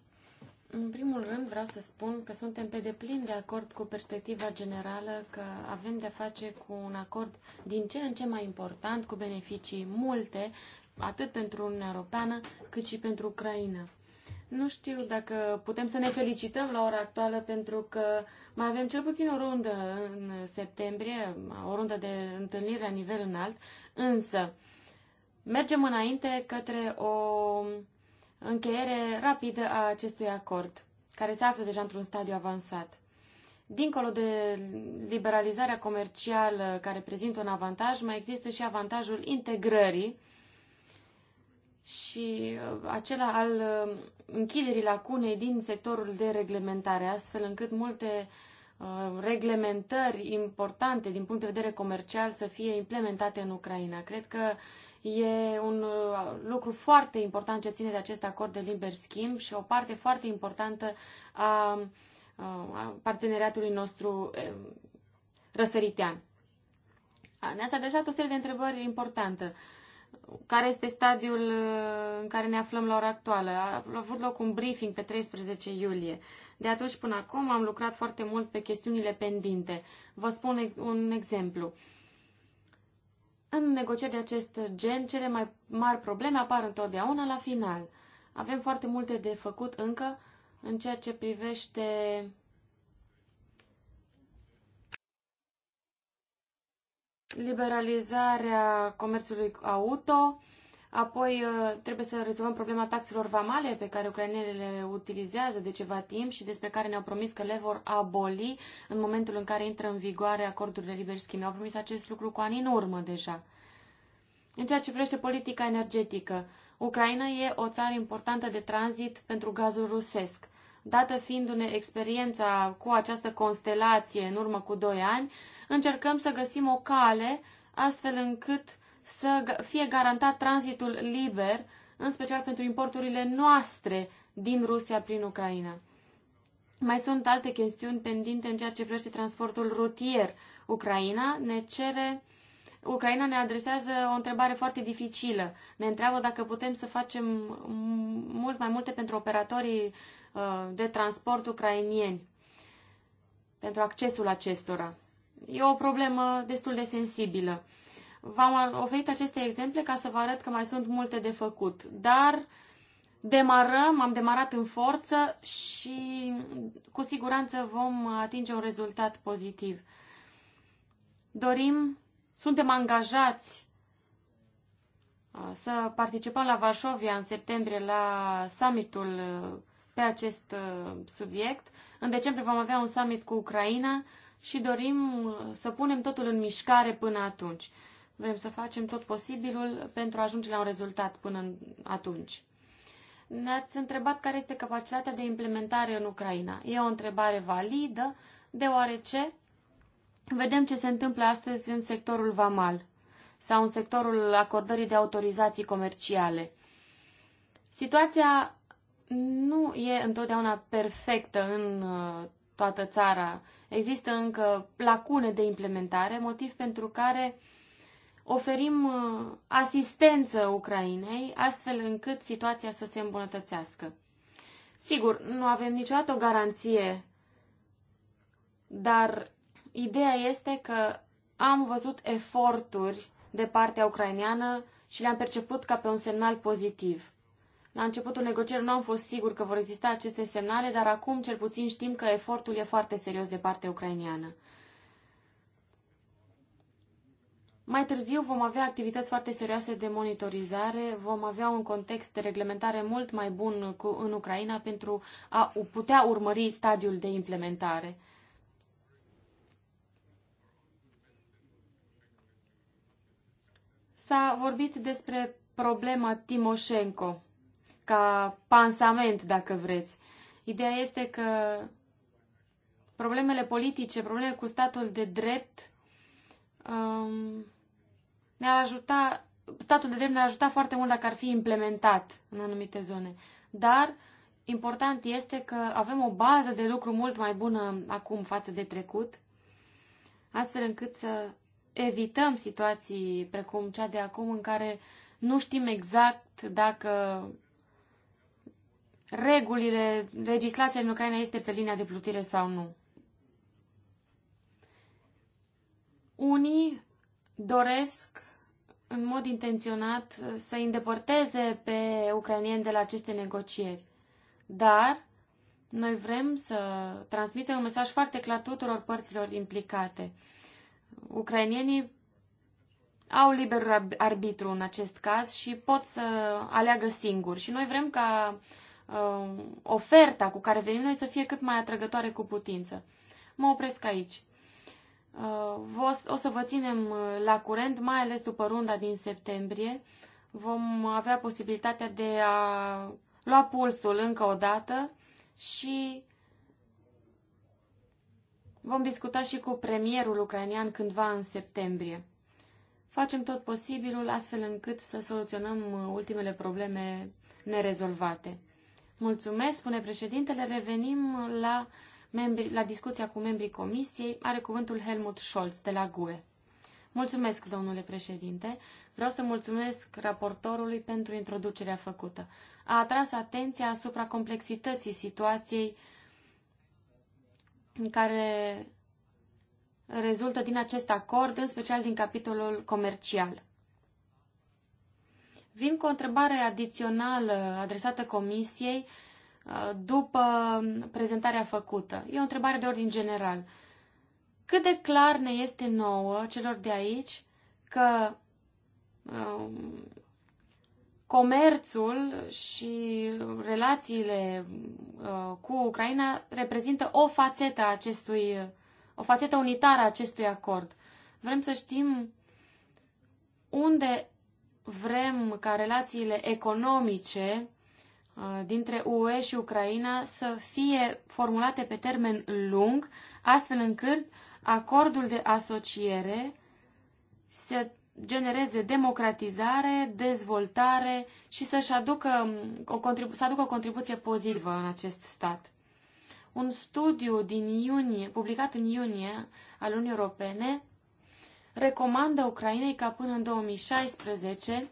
În primul rând vreau să spun că suntem pe deplin de acord cu perspectiva generală că avem de a face cu un acord din ce în ce mai important, cu beneficii multe, atât pentru Uniunea Europeană cât și pentru Ucraina. Nu știu dacă putem să ne felicităm la ora actuală pentru că mai avem cel puțin o rundă în septembrie, o rundă de întâlnire la nivel înalt, însă mergem înainte către o încheiere rapidă a acestui acord, care se află deja într-un stadiu avansat. Dincolo de liberalizarea comercială care prezintă un avantaj, mai există și avantajul integrării și uh, acela al uh, închiderii lacunei din sectorul de reglementare, astfel încât multe uh, reglementări importante din punct de vedere comercial să fie implementate în Ucraina. Cred că E un uh, lucru foarte important ce ține de acest acord de liber schimb și o parte foarte importantă a, uh, a parteneriatului nostru uh, răsăritean. Ne-ați adresat o serie de întrebări importante. Care este stadiul în care ne aflăm la ora actuală? A avut loc un briefing pe 13 iulie. De atunci până acum am lucrat foarte mult pe chestiunile pendinte. Vă spun un exemplu. Uh, în negocieri de acest gen, cele mai mari probleme apar întotdeauna la final. Avem foarte multe de făcut încă în ceea ce privește liberalizarea comerțului auto, Apoi uh, trebuie să rezolvăm problema taxelor vamale pe care ucrainenele le utilizează de ceva timp și despre care ne-au promis că le vor aboli în momentul în care intră în vigoare acordul de liber schimb. Au promis acest lucru cu ani în urmă deja. În ceea ce privește politica energetică, Ucraina e o țară importantă de tranzit pentru gazul rusesc. Dată fiindu-ne experiența cu această constelație în urmă cu doi ani, încercăm să găsim o cale astfel încât să fie garantat tranzitul liber, în special pentru importurile noastre din Rusia prin Ucraina. Mai sunt alte chestiuni pendinte în ceea ce privește transportul rutier. Ucraina ne cere Ucraina ne adresează o întrebare foarte dificilă. Ne întreabă dacă putem să facem mult mai multe pentru operatorii uh, de transport ucrainieni, pentru accesul acestora. E o problemă destul de sensibilă. V-am oferit aceste exemple ca să vă arăt că mai sunt multe de făcut, dar demarăm, am demarat în forță și cu siguranță vom atinge un rezultat pozitiv. Dorim, suntem angajați uh, să participăm la Varșovia în septembrie la summitul uh, pe acest uh, subiect. În decembrie vom avea un summit cu Ucraina și dorim să punem totul în mișcare până atunci. Vrem să facem tot posibilul pentru a ajunge la un rezultat până atunci. Ne-ați întrebat care este capacitatea de implementare în Ucraina. E o întrebare validă, deoarece vedem ce se întâmplă astăzi în sectorul vamal sau în sectorul acordării de autorizații comerciale. Situația nu e întotdeauna perfectă în uh, toată țara. Există încă lacune de implementare, motiv pentru care uh, oferim uh, asistență Ucrainei, astfel încât situația să se îmbunătățească. Sigur, nu avem niciodată o garanție, dar ideea este că am văzut eforturi de partea ucraineană și le-am perceput ca pe un semnal pozitiv. La începutul negocierilor nu am fost sigur că vor exista aceste semnale, dar acum cel puțin știm că efortul e foarte serios de partea ucraineană. Mai târziu vom avea activități foarte serioase de monitorizare, vom avea un context de reglementare mult mai bun cu, în Ucraina pentru a putea urmări stadiul de implementare. S-a vorbit despre problema Timoșenco, ca pansament, dacă vreți. Ideea este că problemele politice, problemele cu statul de drept, um, ne-ar ajuta, statul de drept ne-ar ajuta foarte mult dacă ar fi implementat în anumite zone. Dar important este că avem o bază de lucru mult mai bună acum față de trecut, astfel încât să evităm situații precum cea de acum în care nu știm exact dacă regulile, legislația în Ucraina este pe linia de plutire sau nu. Unii doresc în mod intenționat uh, să îi îndepărteze pe ucranieni de la aceste negocieri. Dar noi vrem să transmitem un mesaj foarte clar tuturor părților implicate. Ucrainienii au liber arbitru în acest caz și pot să aleagă singuri. Și noi vrem ca uh, oferta cu care venim noi să fie cât mai atrăgătoare cu putință. Mă opresc aici. Uh, o să vă ținem uh, la curent, mai ales după runda din septembrie. Vom avea posibilitatea de a lua pulsul încă o dată și vom discuta și cu premierul ucrainean cândva în septembrie. Facem tot posibilul astfel încât să soluționăm uh, ultimele probleme nerezolvate. Mulțumesc, spune președintele, revenim la membri, la discuția cu membrii comisiei are cuvântul Helmut Scholz de la GUE. Mulțumesc, domnule președinte. Vreau să mulțumesc raportorului pentru introducerea făcută. A atras atenția asupra complexității situației în care rezultă din acest acord, în special din capitolul comercial. Vin cu o întrebare adițională adresată Comisiei după prezentarea făcută. E o întrebare de ordin general. Cât de clar ne este nouă, celor de aici, că um, comerțul și relațiile uh, cu Ucraina reprezintă o fațetă a acestui, o fațetă unitară a acestui acord. Vrem să știm unde vrem ca relațiile economice Uh, dintre UE și Ucraina să fie formulate pe termen lung, astfel încât acordul de asociere să genereze democratizare, dezvoltare și să-și aducă o, contribu- să aducă o contribuție pozitivă în acest stat. Un studiu din iunie, publicat în iunie al Uniunii Europene recomandă Ucrainei ca până în 2016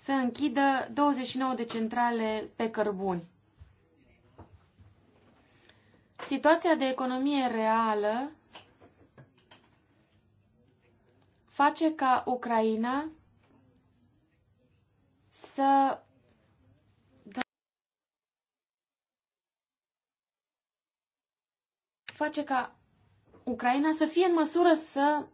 să închidă 29 de centrale pe cărbuni. Situația de economie reală face ca Ucraina să face ca Ucraina să fie în măsură să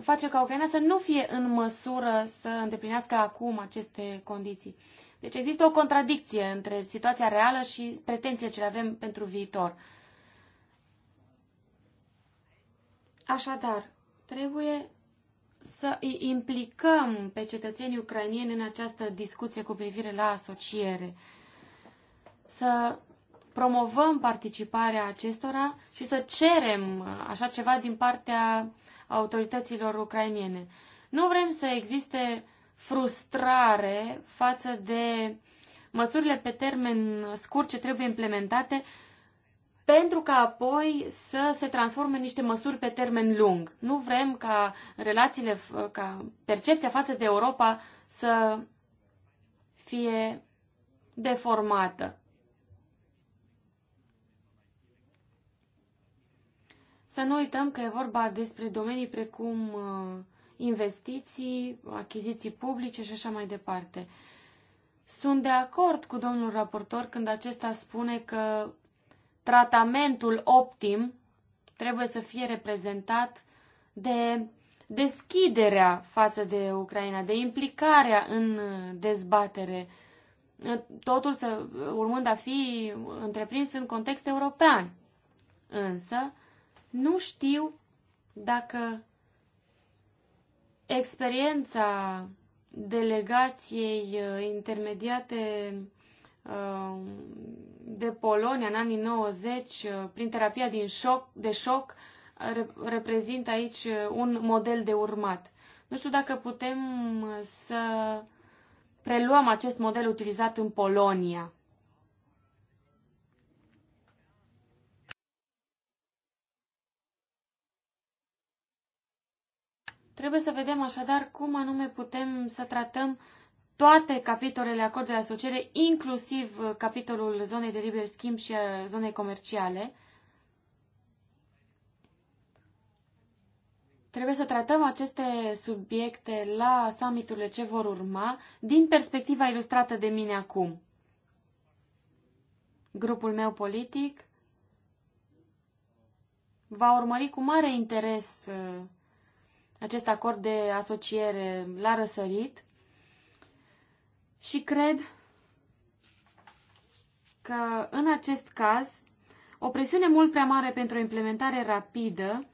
face ca Ucraina să nu fie în măsură să îndeplinească acum aceste condiții. Deci există o contradicție între situația reală și pretențiile ce le avem pentru viitor. Așadar, trebuie să îi implicăm pe cetățenii ucrainieni în această discuție cu privire la asociere. Să promovăm participarea acestora și să cerem așa ceva din partea uh, autorităților ucrainiene. Nu vrem să existe frustrare față de măsurile pe termen scurt ce trebuie implementate pentru ca apoi să se transforme niște măsuri pe termen lung. Nu vrem ca relațiile, ca percepția față de Europa să fie deformată. Să nu uităm că e vorba despre domenii precum uh, investiții, achiziții publice și așa mai departe. Sunt de acord cu domnul raportor când acesta spune că tratamentul optim trebuie să fie reprezentat de deschiderea față de Ucraina, de implicarea în uh, dezbatere, totul să, urmând a fi întreprins în context european. Însă, nu știu dacă experiența delegației uh, intermediate uh, de Polonia în anii 90 uh, prin terapia din șoc, de șoc reprezintă aici un model de urmat. Nu știu dacă putem să preluăm acest model utilizat în Polonia. Trebuie să vedem așadar cum anume putem să tratăm toate capitolele acordului de asociere, inclusiv uh, capitolul zonei de liber schimb și uh, zonei comerciale. Trebuie să tratăm aceste subiecte la summiturile ce vor urma din perspectiva ilustrată de mine acum. Grupul meu politic va urmări cu mare interes uh, acest acord de asociere la răsărit și cred că în acest caz o presiune mult prea mare pentru o implementare rapidă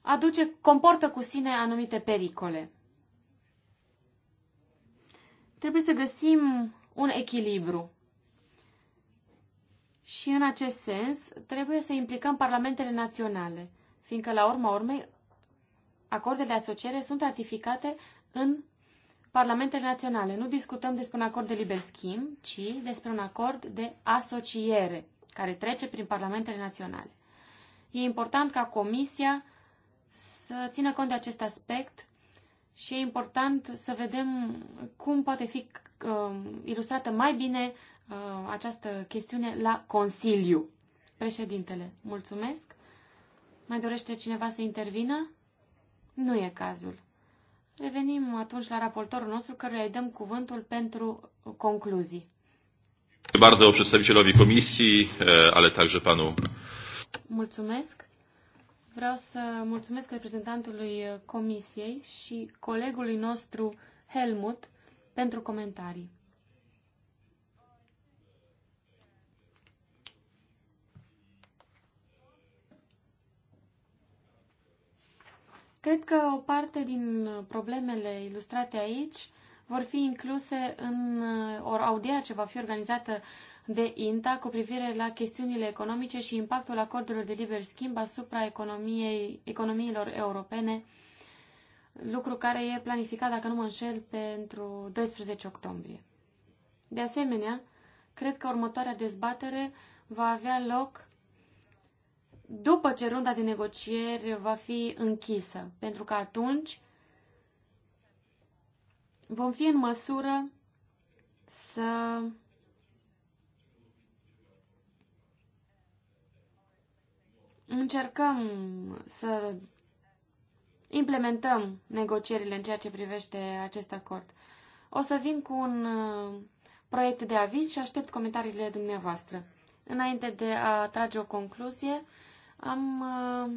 aduce, comportă cu sine anumite pericole. Trebuie să găsim un echilibru. Și în acest sens trebuie să implicăm parlamentele naționale, fiindcă la urma urmei acorde de asociere sunt ratificate în parlamentele naționale. Nu discutăm despre un acord de liber schimb, ci despre un acord de asociere care trece prin parlamentele naționale. E important ca Comisia să țină cont de acest aspect și e important să vedem cum poate fi uh, ilustrată mai bine uh, această chestiune la Consiliu. Președintele, mulțumesc. Mai dorește cineva să intervină? Nu e cazul. Revenim atunci la raportorul nostru, căruia îi dăm cuvântul pentru concluzii. Bardzo przedstawicielowi komisji, ale także panu. Mulțumesc. Vreau să mulțumesc reprezentantului comisiei și colegului nostru Helmut pentru comentarii. Cred că o parte din uh, problemele ilustrate aici vor fi incluse în uh, audiera ce va fi organizată de INTA cu privire la chestiunile economice și impactul acordurilor de liber schimb asupra economiei, economiilor europene, lucru care e planificat, dacă nu mă înșel, pentru 12 octombrie. De asemenea, cred că următoarea dezbatere va avea loc după ce runda de negocieri va fi închisă, pentru că atunci vom fi în măsură să încercăm să implementăm negocierile în ceea ce privește acest acord. O să vin cu un uh, proiect de aviz și aștept comentariile dumneavoastră. Înainte de a trage o concluzie, am uh,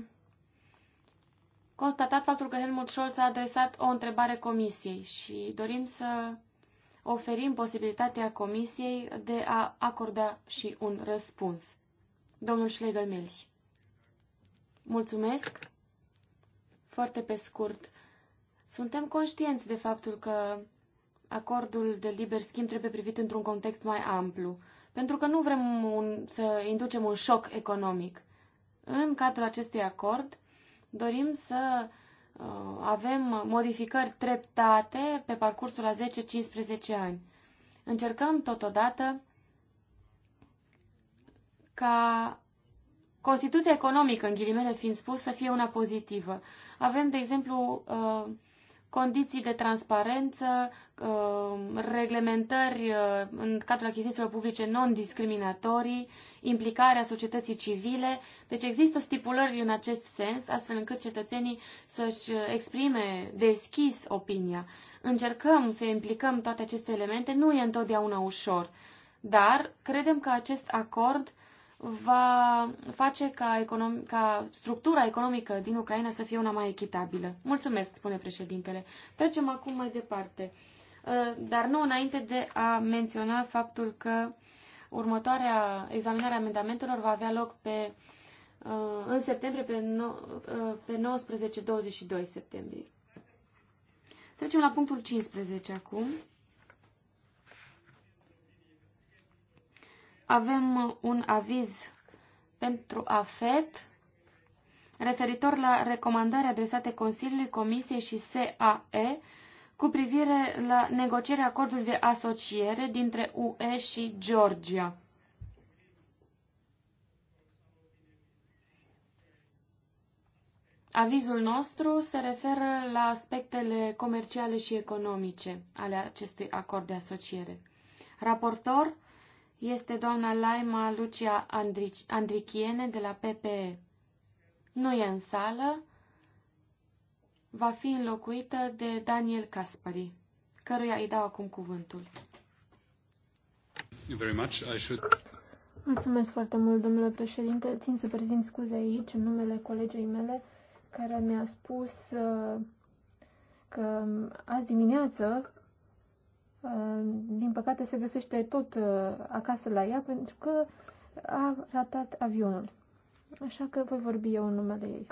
constatat faptul că Helmut Scholz a adresat o întrebare comisiei și dorim să oferim posibilitatea comisiei de a acorda și un răspuns. Domnul Schlegel-Melch. Mulțumesc. Foarte pe scurt. Suntem conștienți de faptul că acordul de liber schimb trebuie privit într-un context mai amplu, pentru că nu vrem un, să inducem un șoc economic. În cadrul acestui acord dorim să uh, avem modificări treptate pe parcursul a 10-15 ani. Încercăm totodată ca Constituția economică, în ghilimele fiind spus, să fie una pozitivă. Avem, de exemplu, uh, condiții de transparență, uh, reglementări uh, în cadrul achizițiilor publice non-discriminatorii, implicarea societății civile. Deci există stipulări în acest sens, astfel încât cetățenii să-și exprime deschis opinia. Încercăm să implicăm toate aceste elemente, nu e întotdeauna ușor, dar credem că acest acord va face ca, econom- ca structura economică din Ucraina să fie una mai echitabilă. Mulțumesc, spune președintele. Trecem acum mai departe, uh, dar nu înainte de a menționa faptul că următoarea examinare a amendamentelor va avea loc pe, uh, în septembrie, pe, uh, pe 19-22 septembrie. Trecem la punctul 15 acum. avem uh, un aviz pentru AFET referitor la recomandări adresate Consiliului, Comisiei și SAE cu privire la negocierea acordului de asociere dintre UE și Georgia. Avizul nostru se referă la aspectele comerciale și economice ale acestui acord de asociere. Raportor este doamna Laima Lucia Andric- Andrichiene de la PPE. Nu e în sală, va fi înlocuită de Daniel Caspari, căruia îi dau acum cuvântul. Mulțumesc foarte mult, domnule președinte. Țin să prezint scuze aici în numele colegei mele, care mi-a spus uh, că azi dimineață Uh, din păcate, se găsește tot uh, acasă la ea pentru că a ratat avionul. Așa că voi vorbi eu în numele ei.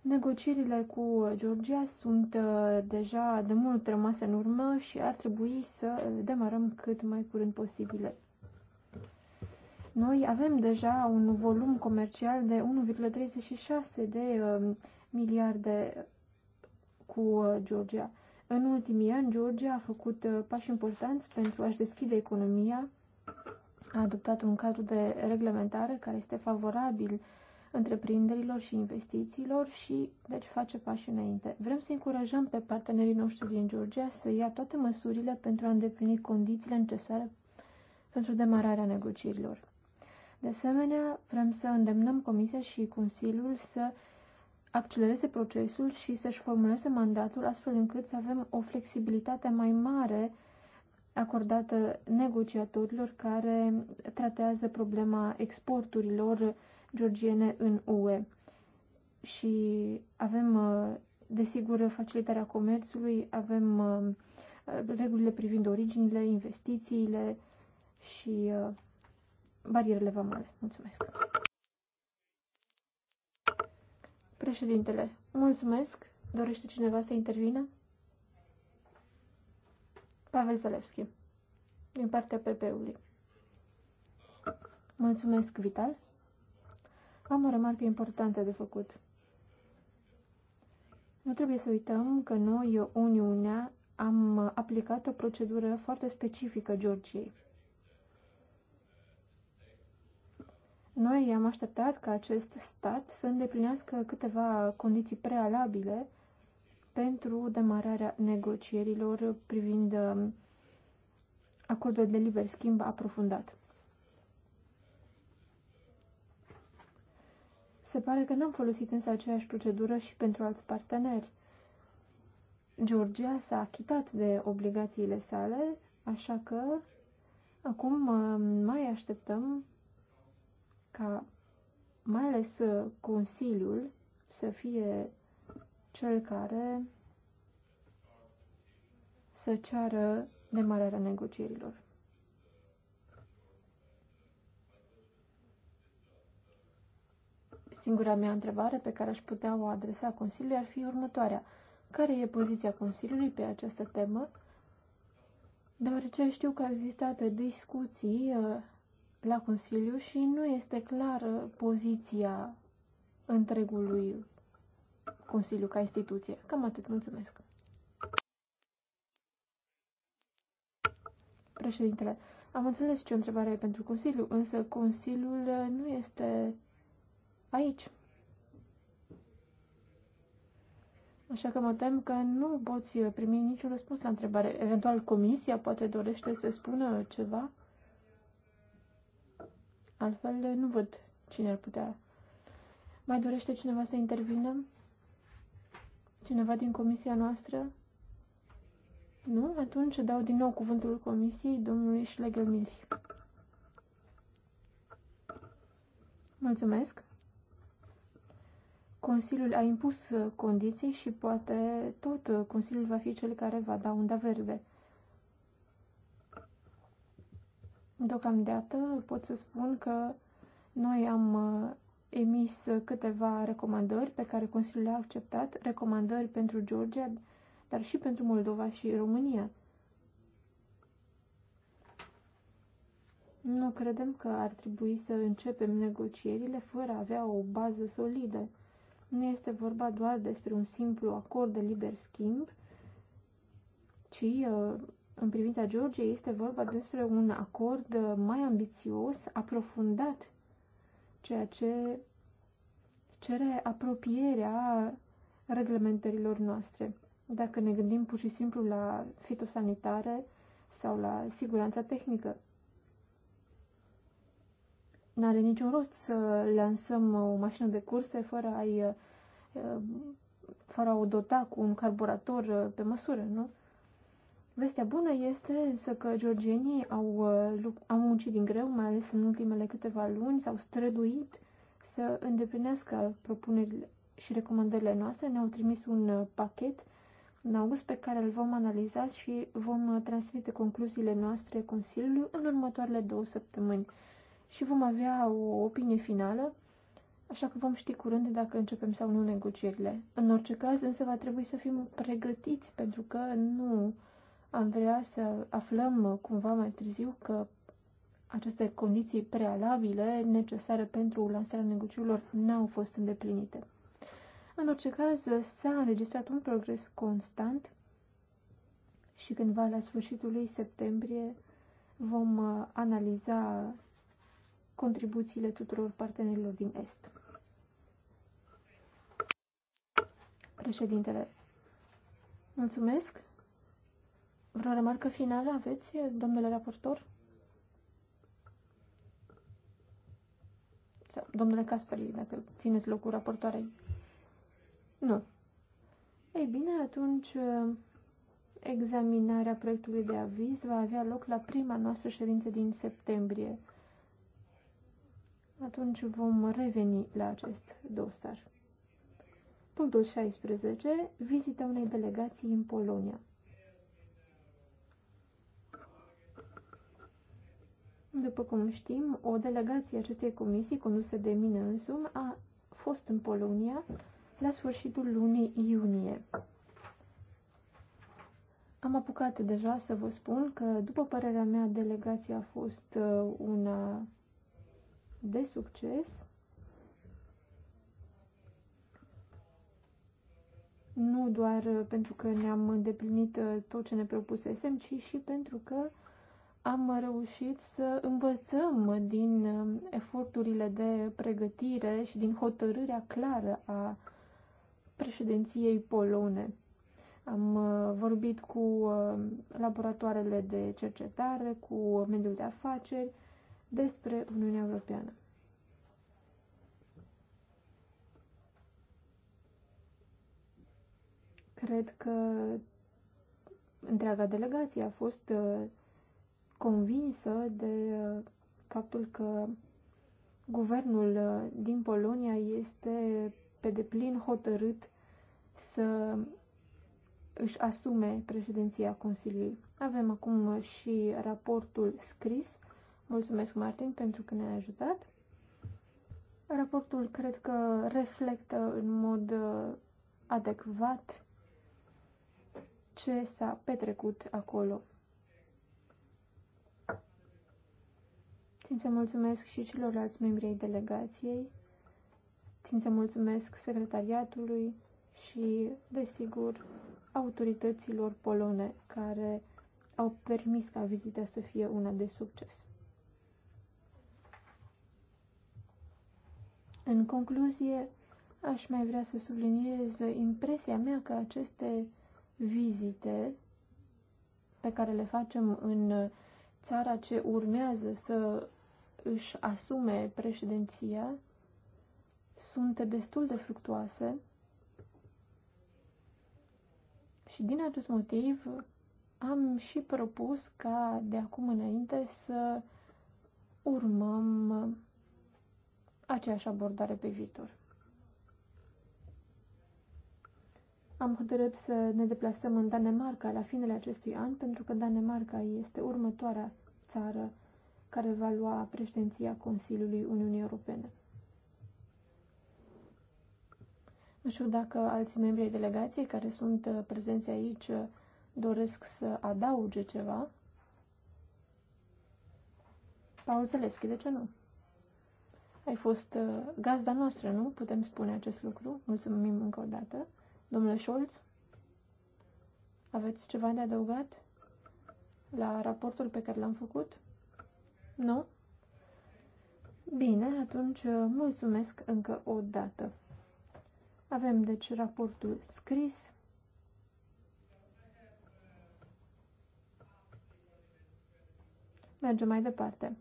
Negocierile cu Georgia sunt uh, deja de mult rămase în urmă și ar trebui să demarăm cât mai curând posibil. Noi avem deja un volum comercial de 1,36 de miliarde cu Georgia. În ultimii ani, Georgia a făcut uh, pași importanți pentru a-și deschide economia, a adoptat un cadru de reglementare care este favorabil întreprinderilor și investițiilor și, deci, face pași înainte. Vrem să încurajăm pe partenerii noștri din Georgia să ia toate măsurile pentru a îndeplini condițiile necesare pentru demararea negocierilor. De asemenea, vrem să îndemnăm Comisia și Consiliul să accelereze procesul și să-și formuleze mandatul astfel încât să avem o flexibilitate mai mare acordată negociatorilor care tratează problema exporturilor georgiene în UE. Și avem, uh, desigur, facilitarea comerțului, avem uh, regulile privind originile, investițiile și uh, barierele vamale. Mulțumesc! Președintele, mulțumesc. Dorește cineva să intervină? Pavel Zalewski, din partea PP-ului. Mulțumesc, Vital. Am o remarcă importantă de făcut. Nu trebuie să uităm că noi, Uniunea, am aplicat o procedură foarte specifică Georgiei. Noi am așteptat ca acest stat să îndeplinească câteva condiții prealabile pentru demararea negocierilor privind um, acordul de liber schimb aprofundat. Se pare că n-am folosit însă aceeași procedură și pentru alți parteneri. Georgia s-a achitat de obligațiile sale, așa că acum um, mai așteptăm ca mai ales uh, Consiliul să fie cel care să ceară demararea negocierilor. Singura mea întrebare pe care aș putea o adresa Consiliului ar fi următoarea. Care e poziția Consiliului pe această temă? Deoarece știu că au existat discuții uh, la Consiliu și nu este clară poziția întregului Consiliu ca instituție. Cam atât. Mulțumesc. Președintele, am înțeles ce întrebare ai pentru Consiliu, însă Consiliul nu este aici. Așa că mă tem că nu poți primi niciun răspuns la întrebare. Eventual comisia poate dorește să spună ceva? Altfel, nu văd cine ar putea. Mai dorește cineva să intervină? Cineva din comisia noastră? Nu? Atunci dau din nou cuvântul comisiei domnului Schlegelmilch. Mulțumesc. Consiliul a impus condiții și poate tot Consiliul va fi cel care va da unda verde. Deocamdată pot să spun că noi am uh, emis câteva recomandări pe care Consiliul le-a acceptat, recomandări pentru Georgia, dar și pentru Moldova și România. Nu credem că ar trebui să începem negocierile fără a avea o bază solidă. Nu este vorba doar despre un simplu acord de liber schimb, ci uh, în privința Georgiei este vorba despre un acord mai ambițios, aprofundat, ceea ce cere apropierea reglementărilor noastre. Dacă ne gândim pur și simplu la fitosanitare sau la siguranța tehnică, n-are niciun rost să lansăm o mașină de curse fără a-i fără a o dota cu un carburator pe măsură, nu? Vestea bună este însă că georgienii au, uh, au muncit din greu, mai ales în ultimele câteva luni, s-au străduit să îndeplinească propunerile și recomandările noastre. Ne-au trimis un uh, pachet în august pe care îl vom analiza și vom uh, transmite concluziile noastre Consiliului în următoarele două săptămâni și vom avea o opinie finală, așa că vom ști curând dacă începem sau nu negocierile. În orice caz, însă, va trebui să fim pregătiți pentru că nu am vrea să aflăm uh, cumva mai târziu că aceste condiții prealabile necesare pentru lansarea negocierilor n-au fost îndeplinite. În orice caz, s-a înregistrat un progres constant și cândva la sfârșitul lui septembrie vom uh, analiza contribuțiile tuturor partenerilor din Est. Președintele, mulțumesc! Vreo remarcă finală aveți, domnule raportor? Sau, domnule Caspari, dacă țineți locul raportoarei. Nu. Ei bine, atunci examinarea proiectului de aviz va avea loc la prima noastră ședință din septembrie. Atunci vom reveni la acest dosar. Punctul 16. Vizita unei delegații în Polonia. După cum știm, o delegație acestei comisii, condusă de mine însumi, a fost în Polonia la sfârșitul lunii iunie. Am apucat deja să vă spun că, după părerea mea, delegația a fost uh, una de succes. Nu doar pentru că ne-am îndeplinit uh, tot ce ne propusesem, ci și pentru că am reușit să învățăm din um, eforturile de pregătire și din hotărârea clară a președinției polone. Am uh, vorbit cu um, laboratoarele de cercetare, cu mediul de afaceri despre Uniunea Europeană. Cred că întreaga delegație a fost uh, convinsă de uh, faptul că guvernul uh, din Polonia este pe deplin hotărât să își asume președinția Consiliului. Avem acum uh, și raportul scris. Mulțumesc, Martin, pentru că ne-ai ajutat. Raportul cred că reflectă în mod adecvat ce s-a petrecut acolo. Țin să mulțumesc și celorlalți membri ai delegației, țin să mulțumesc secretariatului și, desigur, autorităților polone care au permis ca vizita să fie una de succes. În concluzie, aș mai vrea să subliniez impresia mea că aceste vizite pe care le facem în țara ce urmează să își asume președinția sunt destul de fructuoase și din acest motiv am și propus ca de acum înainte să urmăm aceeași abordare pe viitor. Am hotărât să ne deplasăm în Danemarca la finele acestui an, pentru că Danemarca este următoarea țară care va lua președinția Consiliului Uniunii Europene. Nu știu dacă alții membri ai delegației care sunt uh, prezenți aici uh, doresc să adauge ceva. Paul Zelevski, de ce nu? Ai fost uh, gazda noastră, nu? Putem spune acest lucru. Mulțumim încă o dată. Domnule Scholz, aveți ceva de adăugat la raportul pe care l-am făcut? Nu? Bine, atunci uh, mulțumesc încă o dată. Avem deci raportul scris. Mergem mai departe.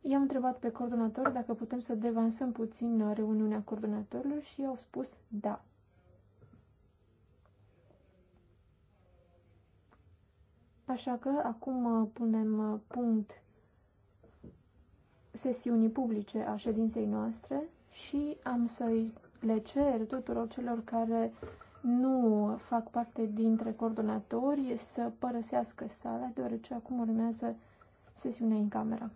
I-am întrebat pe coordonator dacă putem să devansăm puțin uh, reuniunea coordonatorilor și i-au spus da. Așa că acum uh, punem punct sesiunii publice a ședinței noastre și am să-i le cer tuturor celor care nu fac parte dintre coordonatori să părăsească sala, deoarece acum urmează sesiunea în cameră.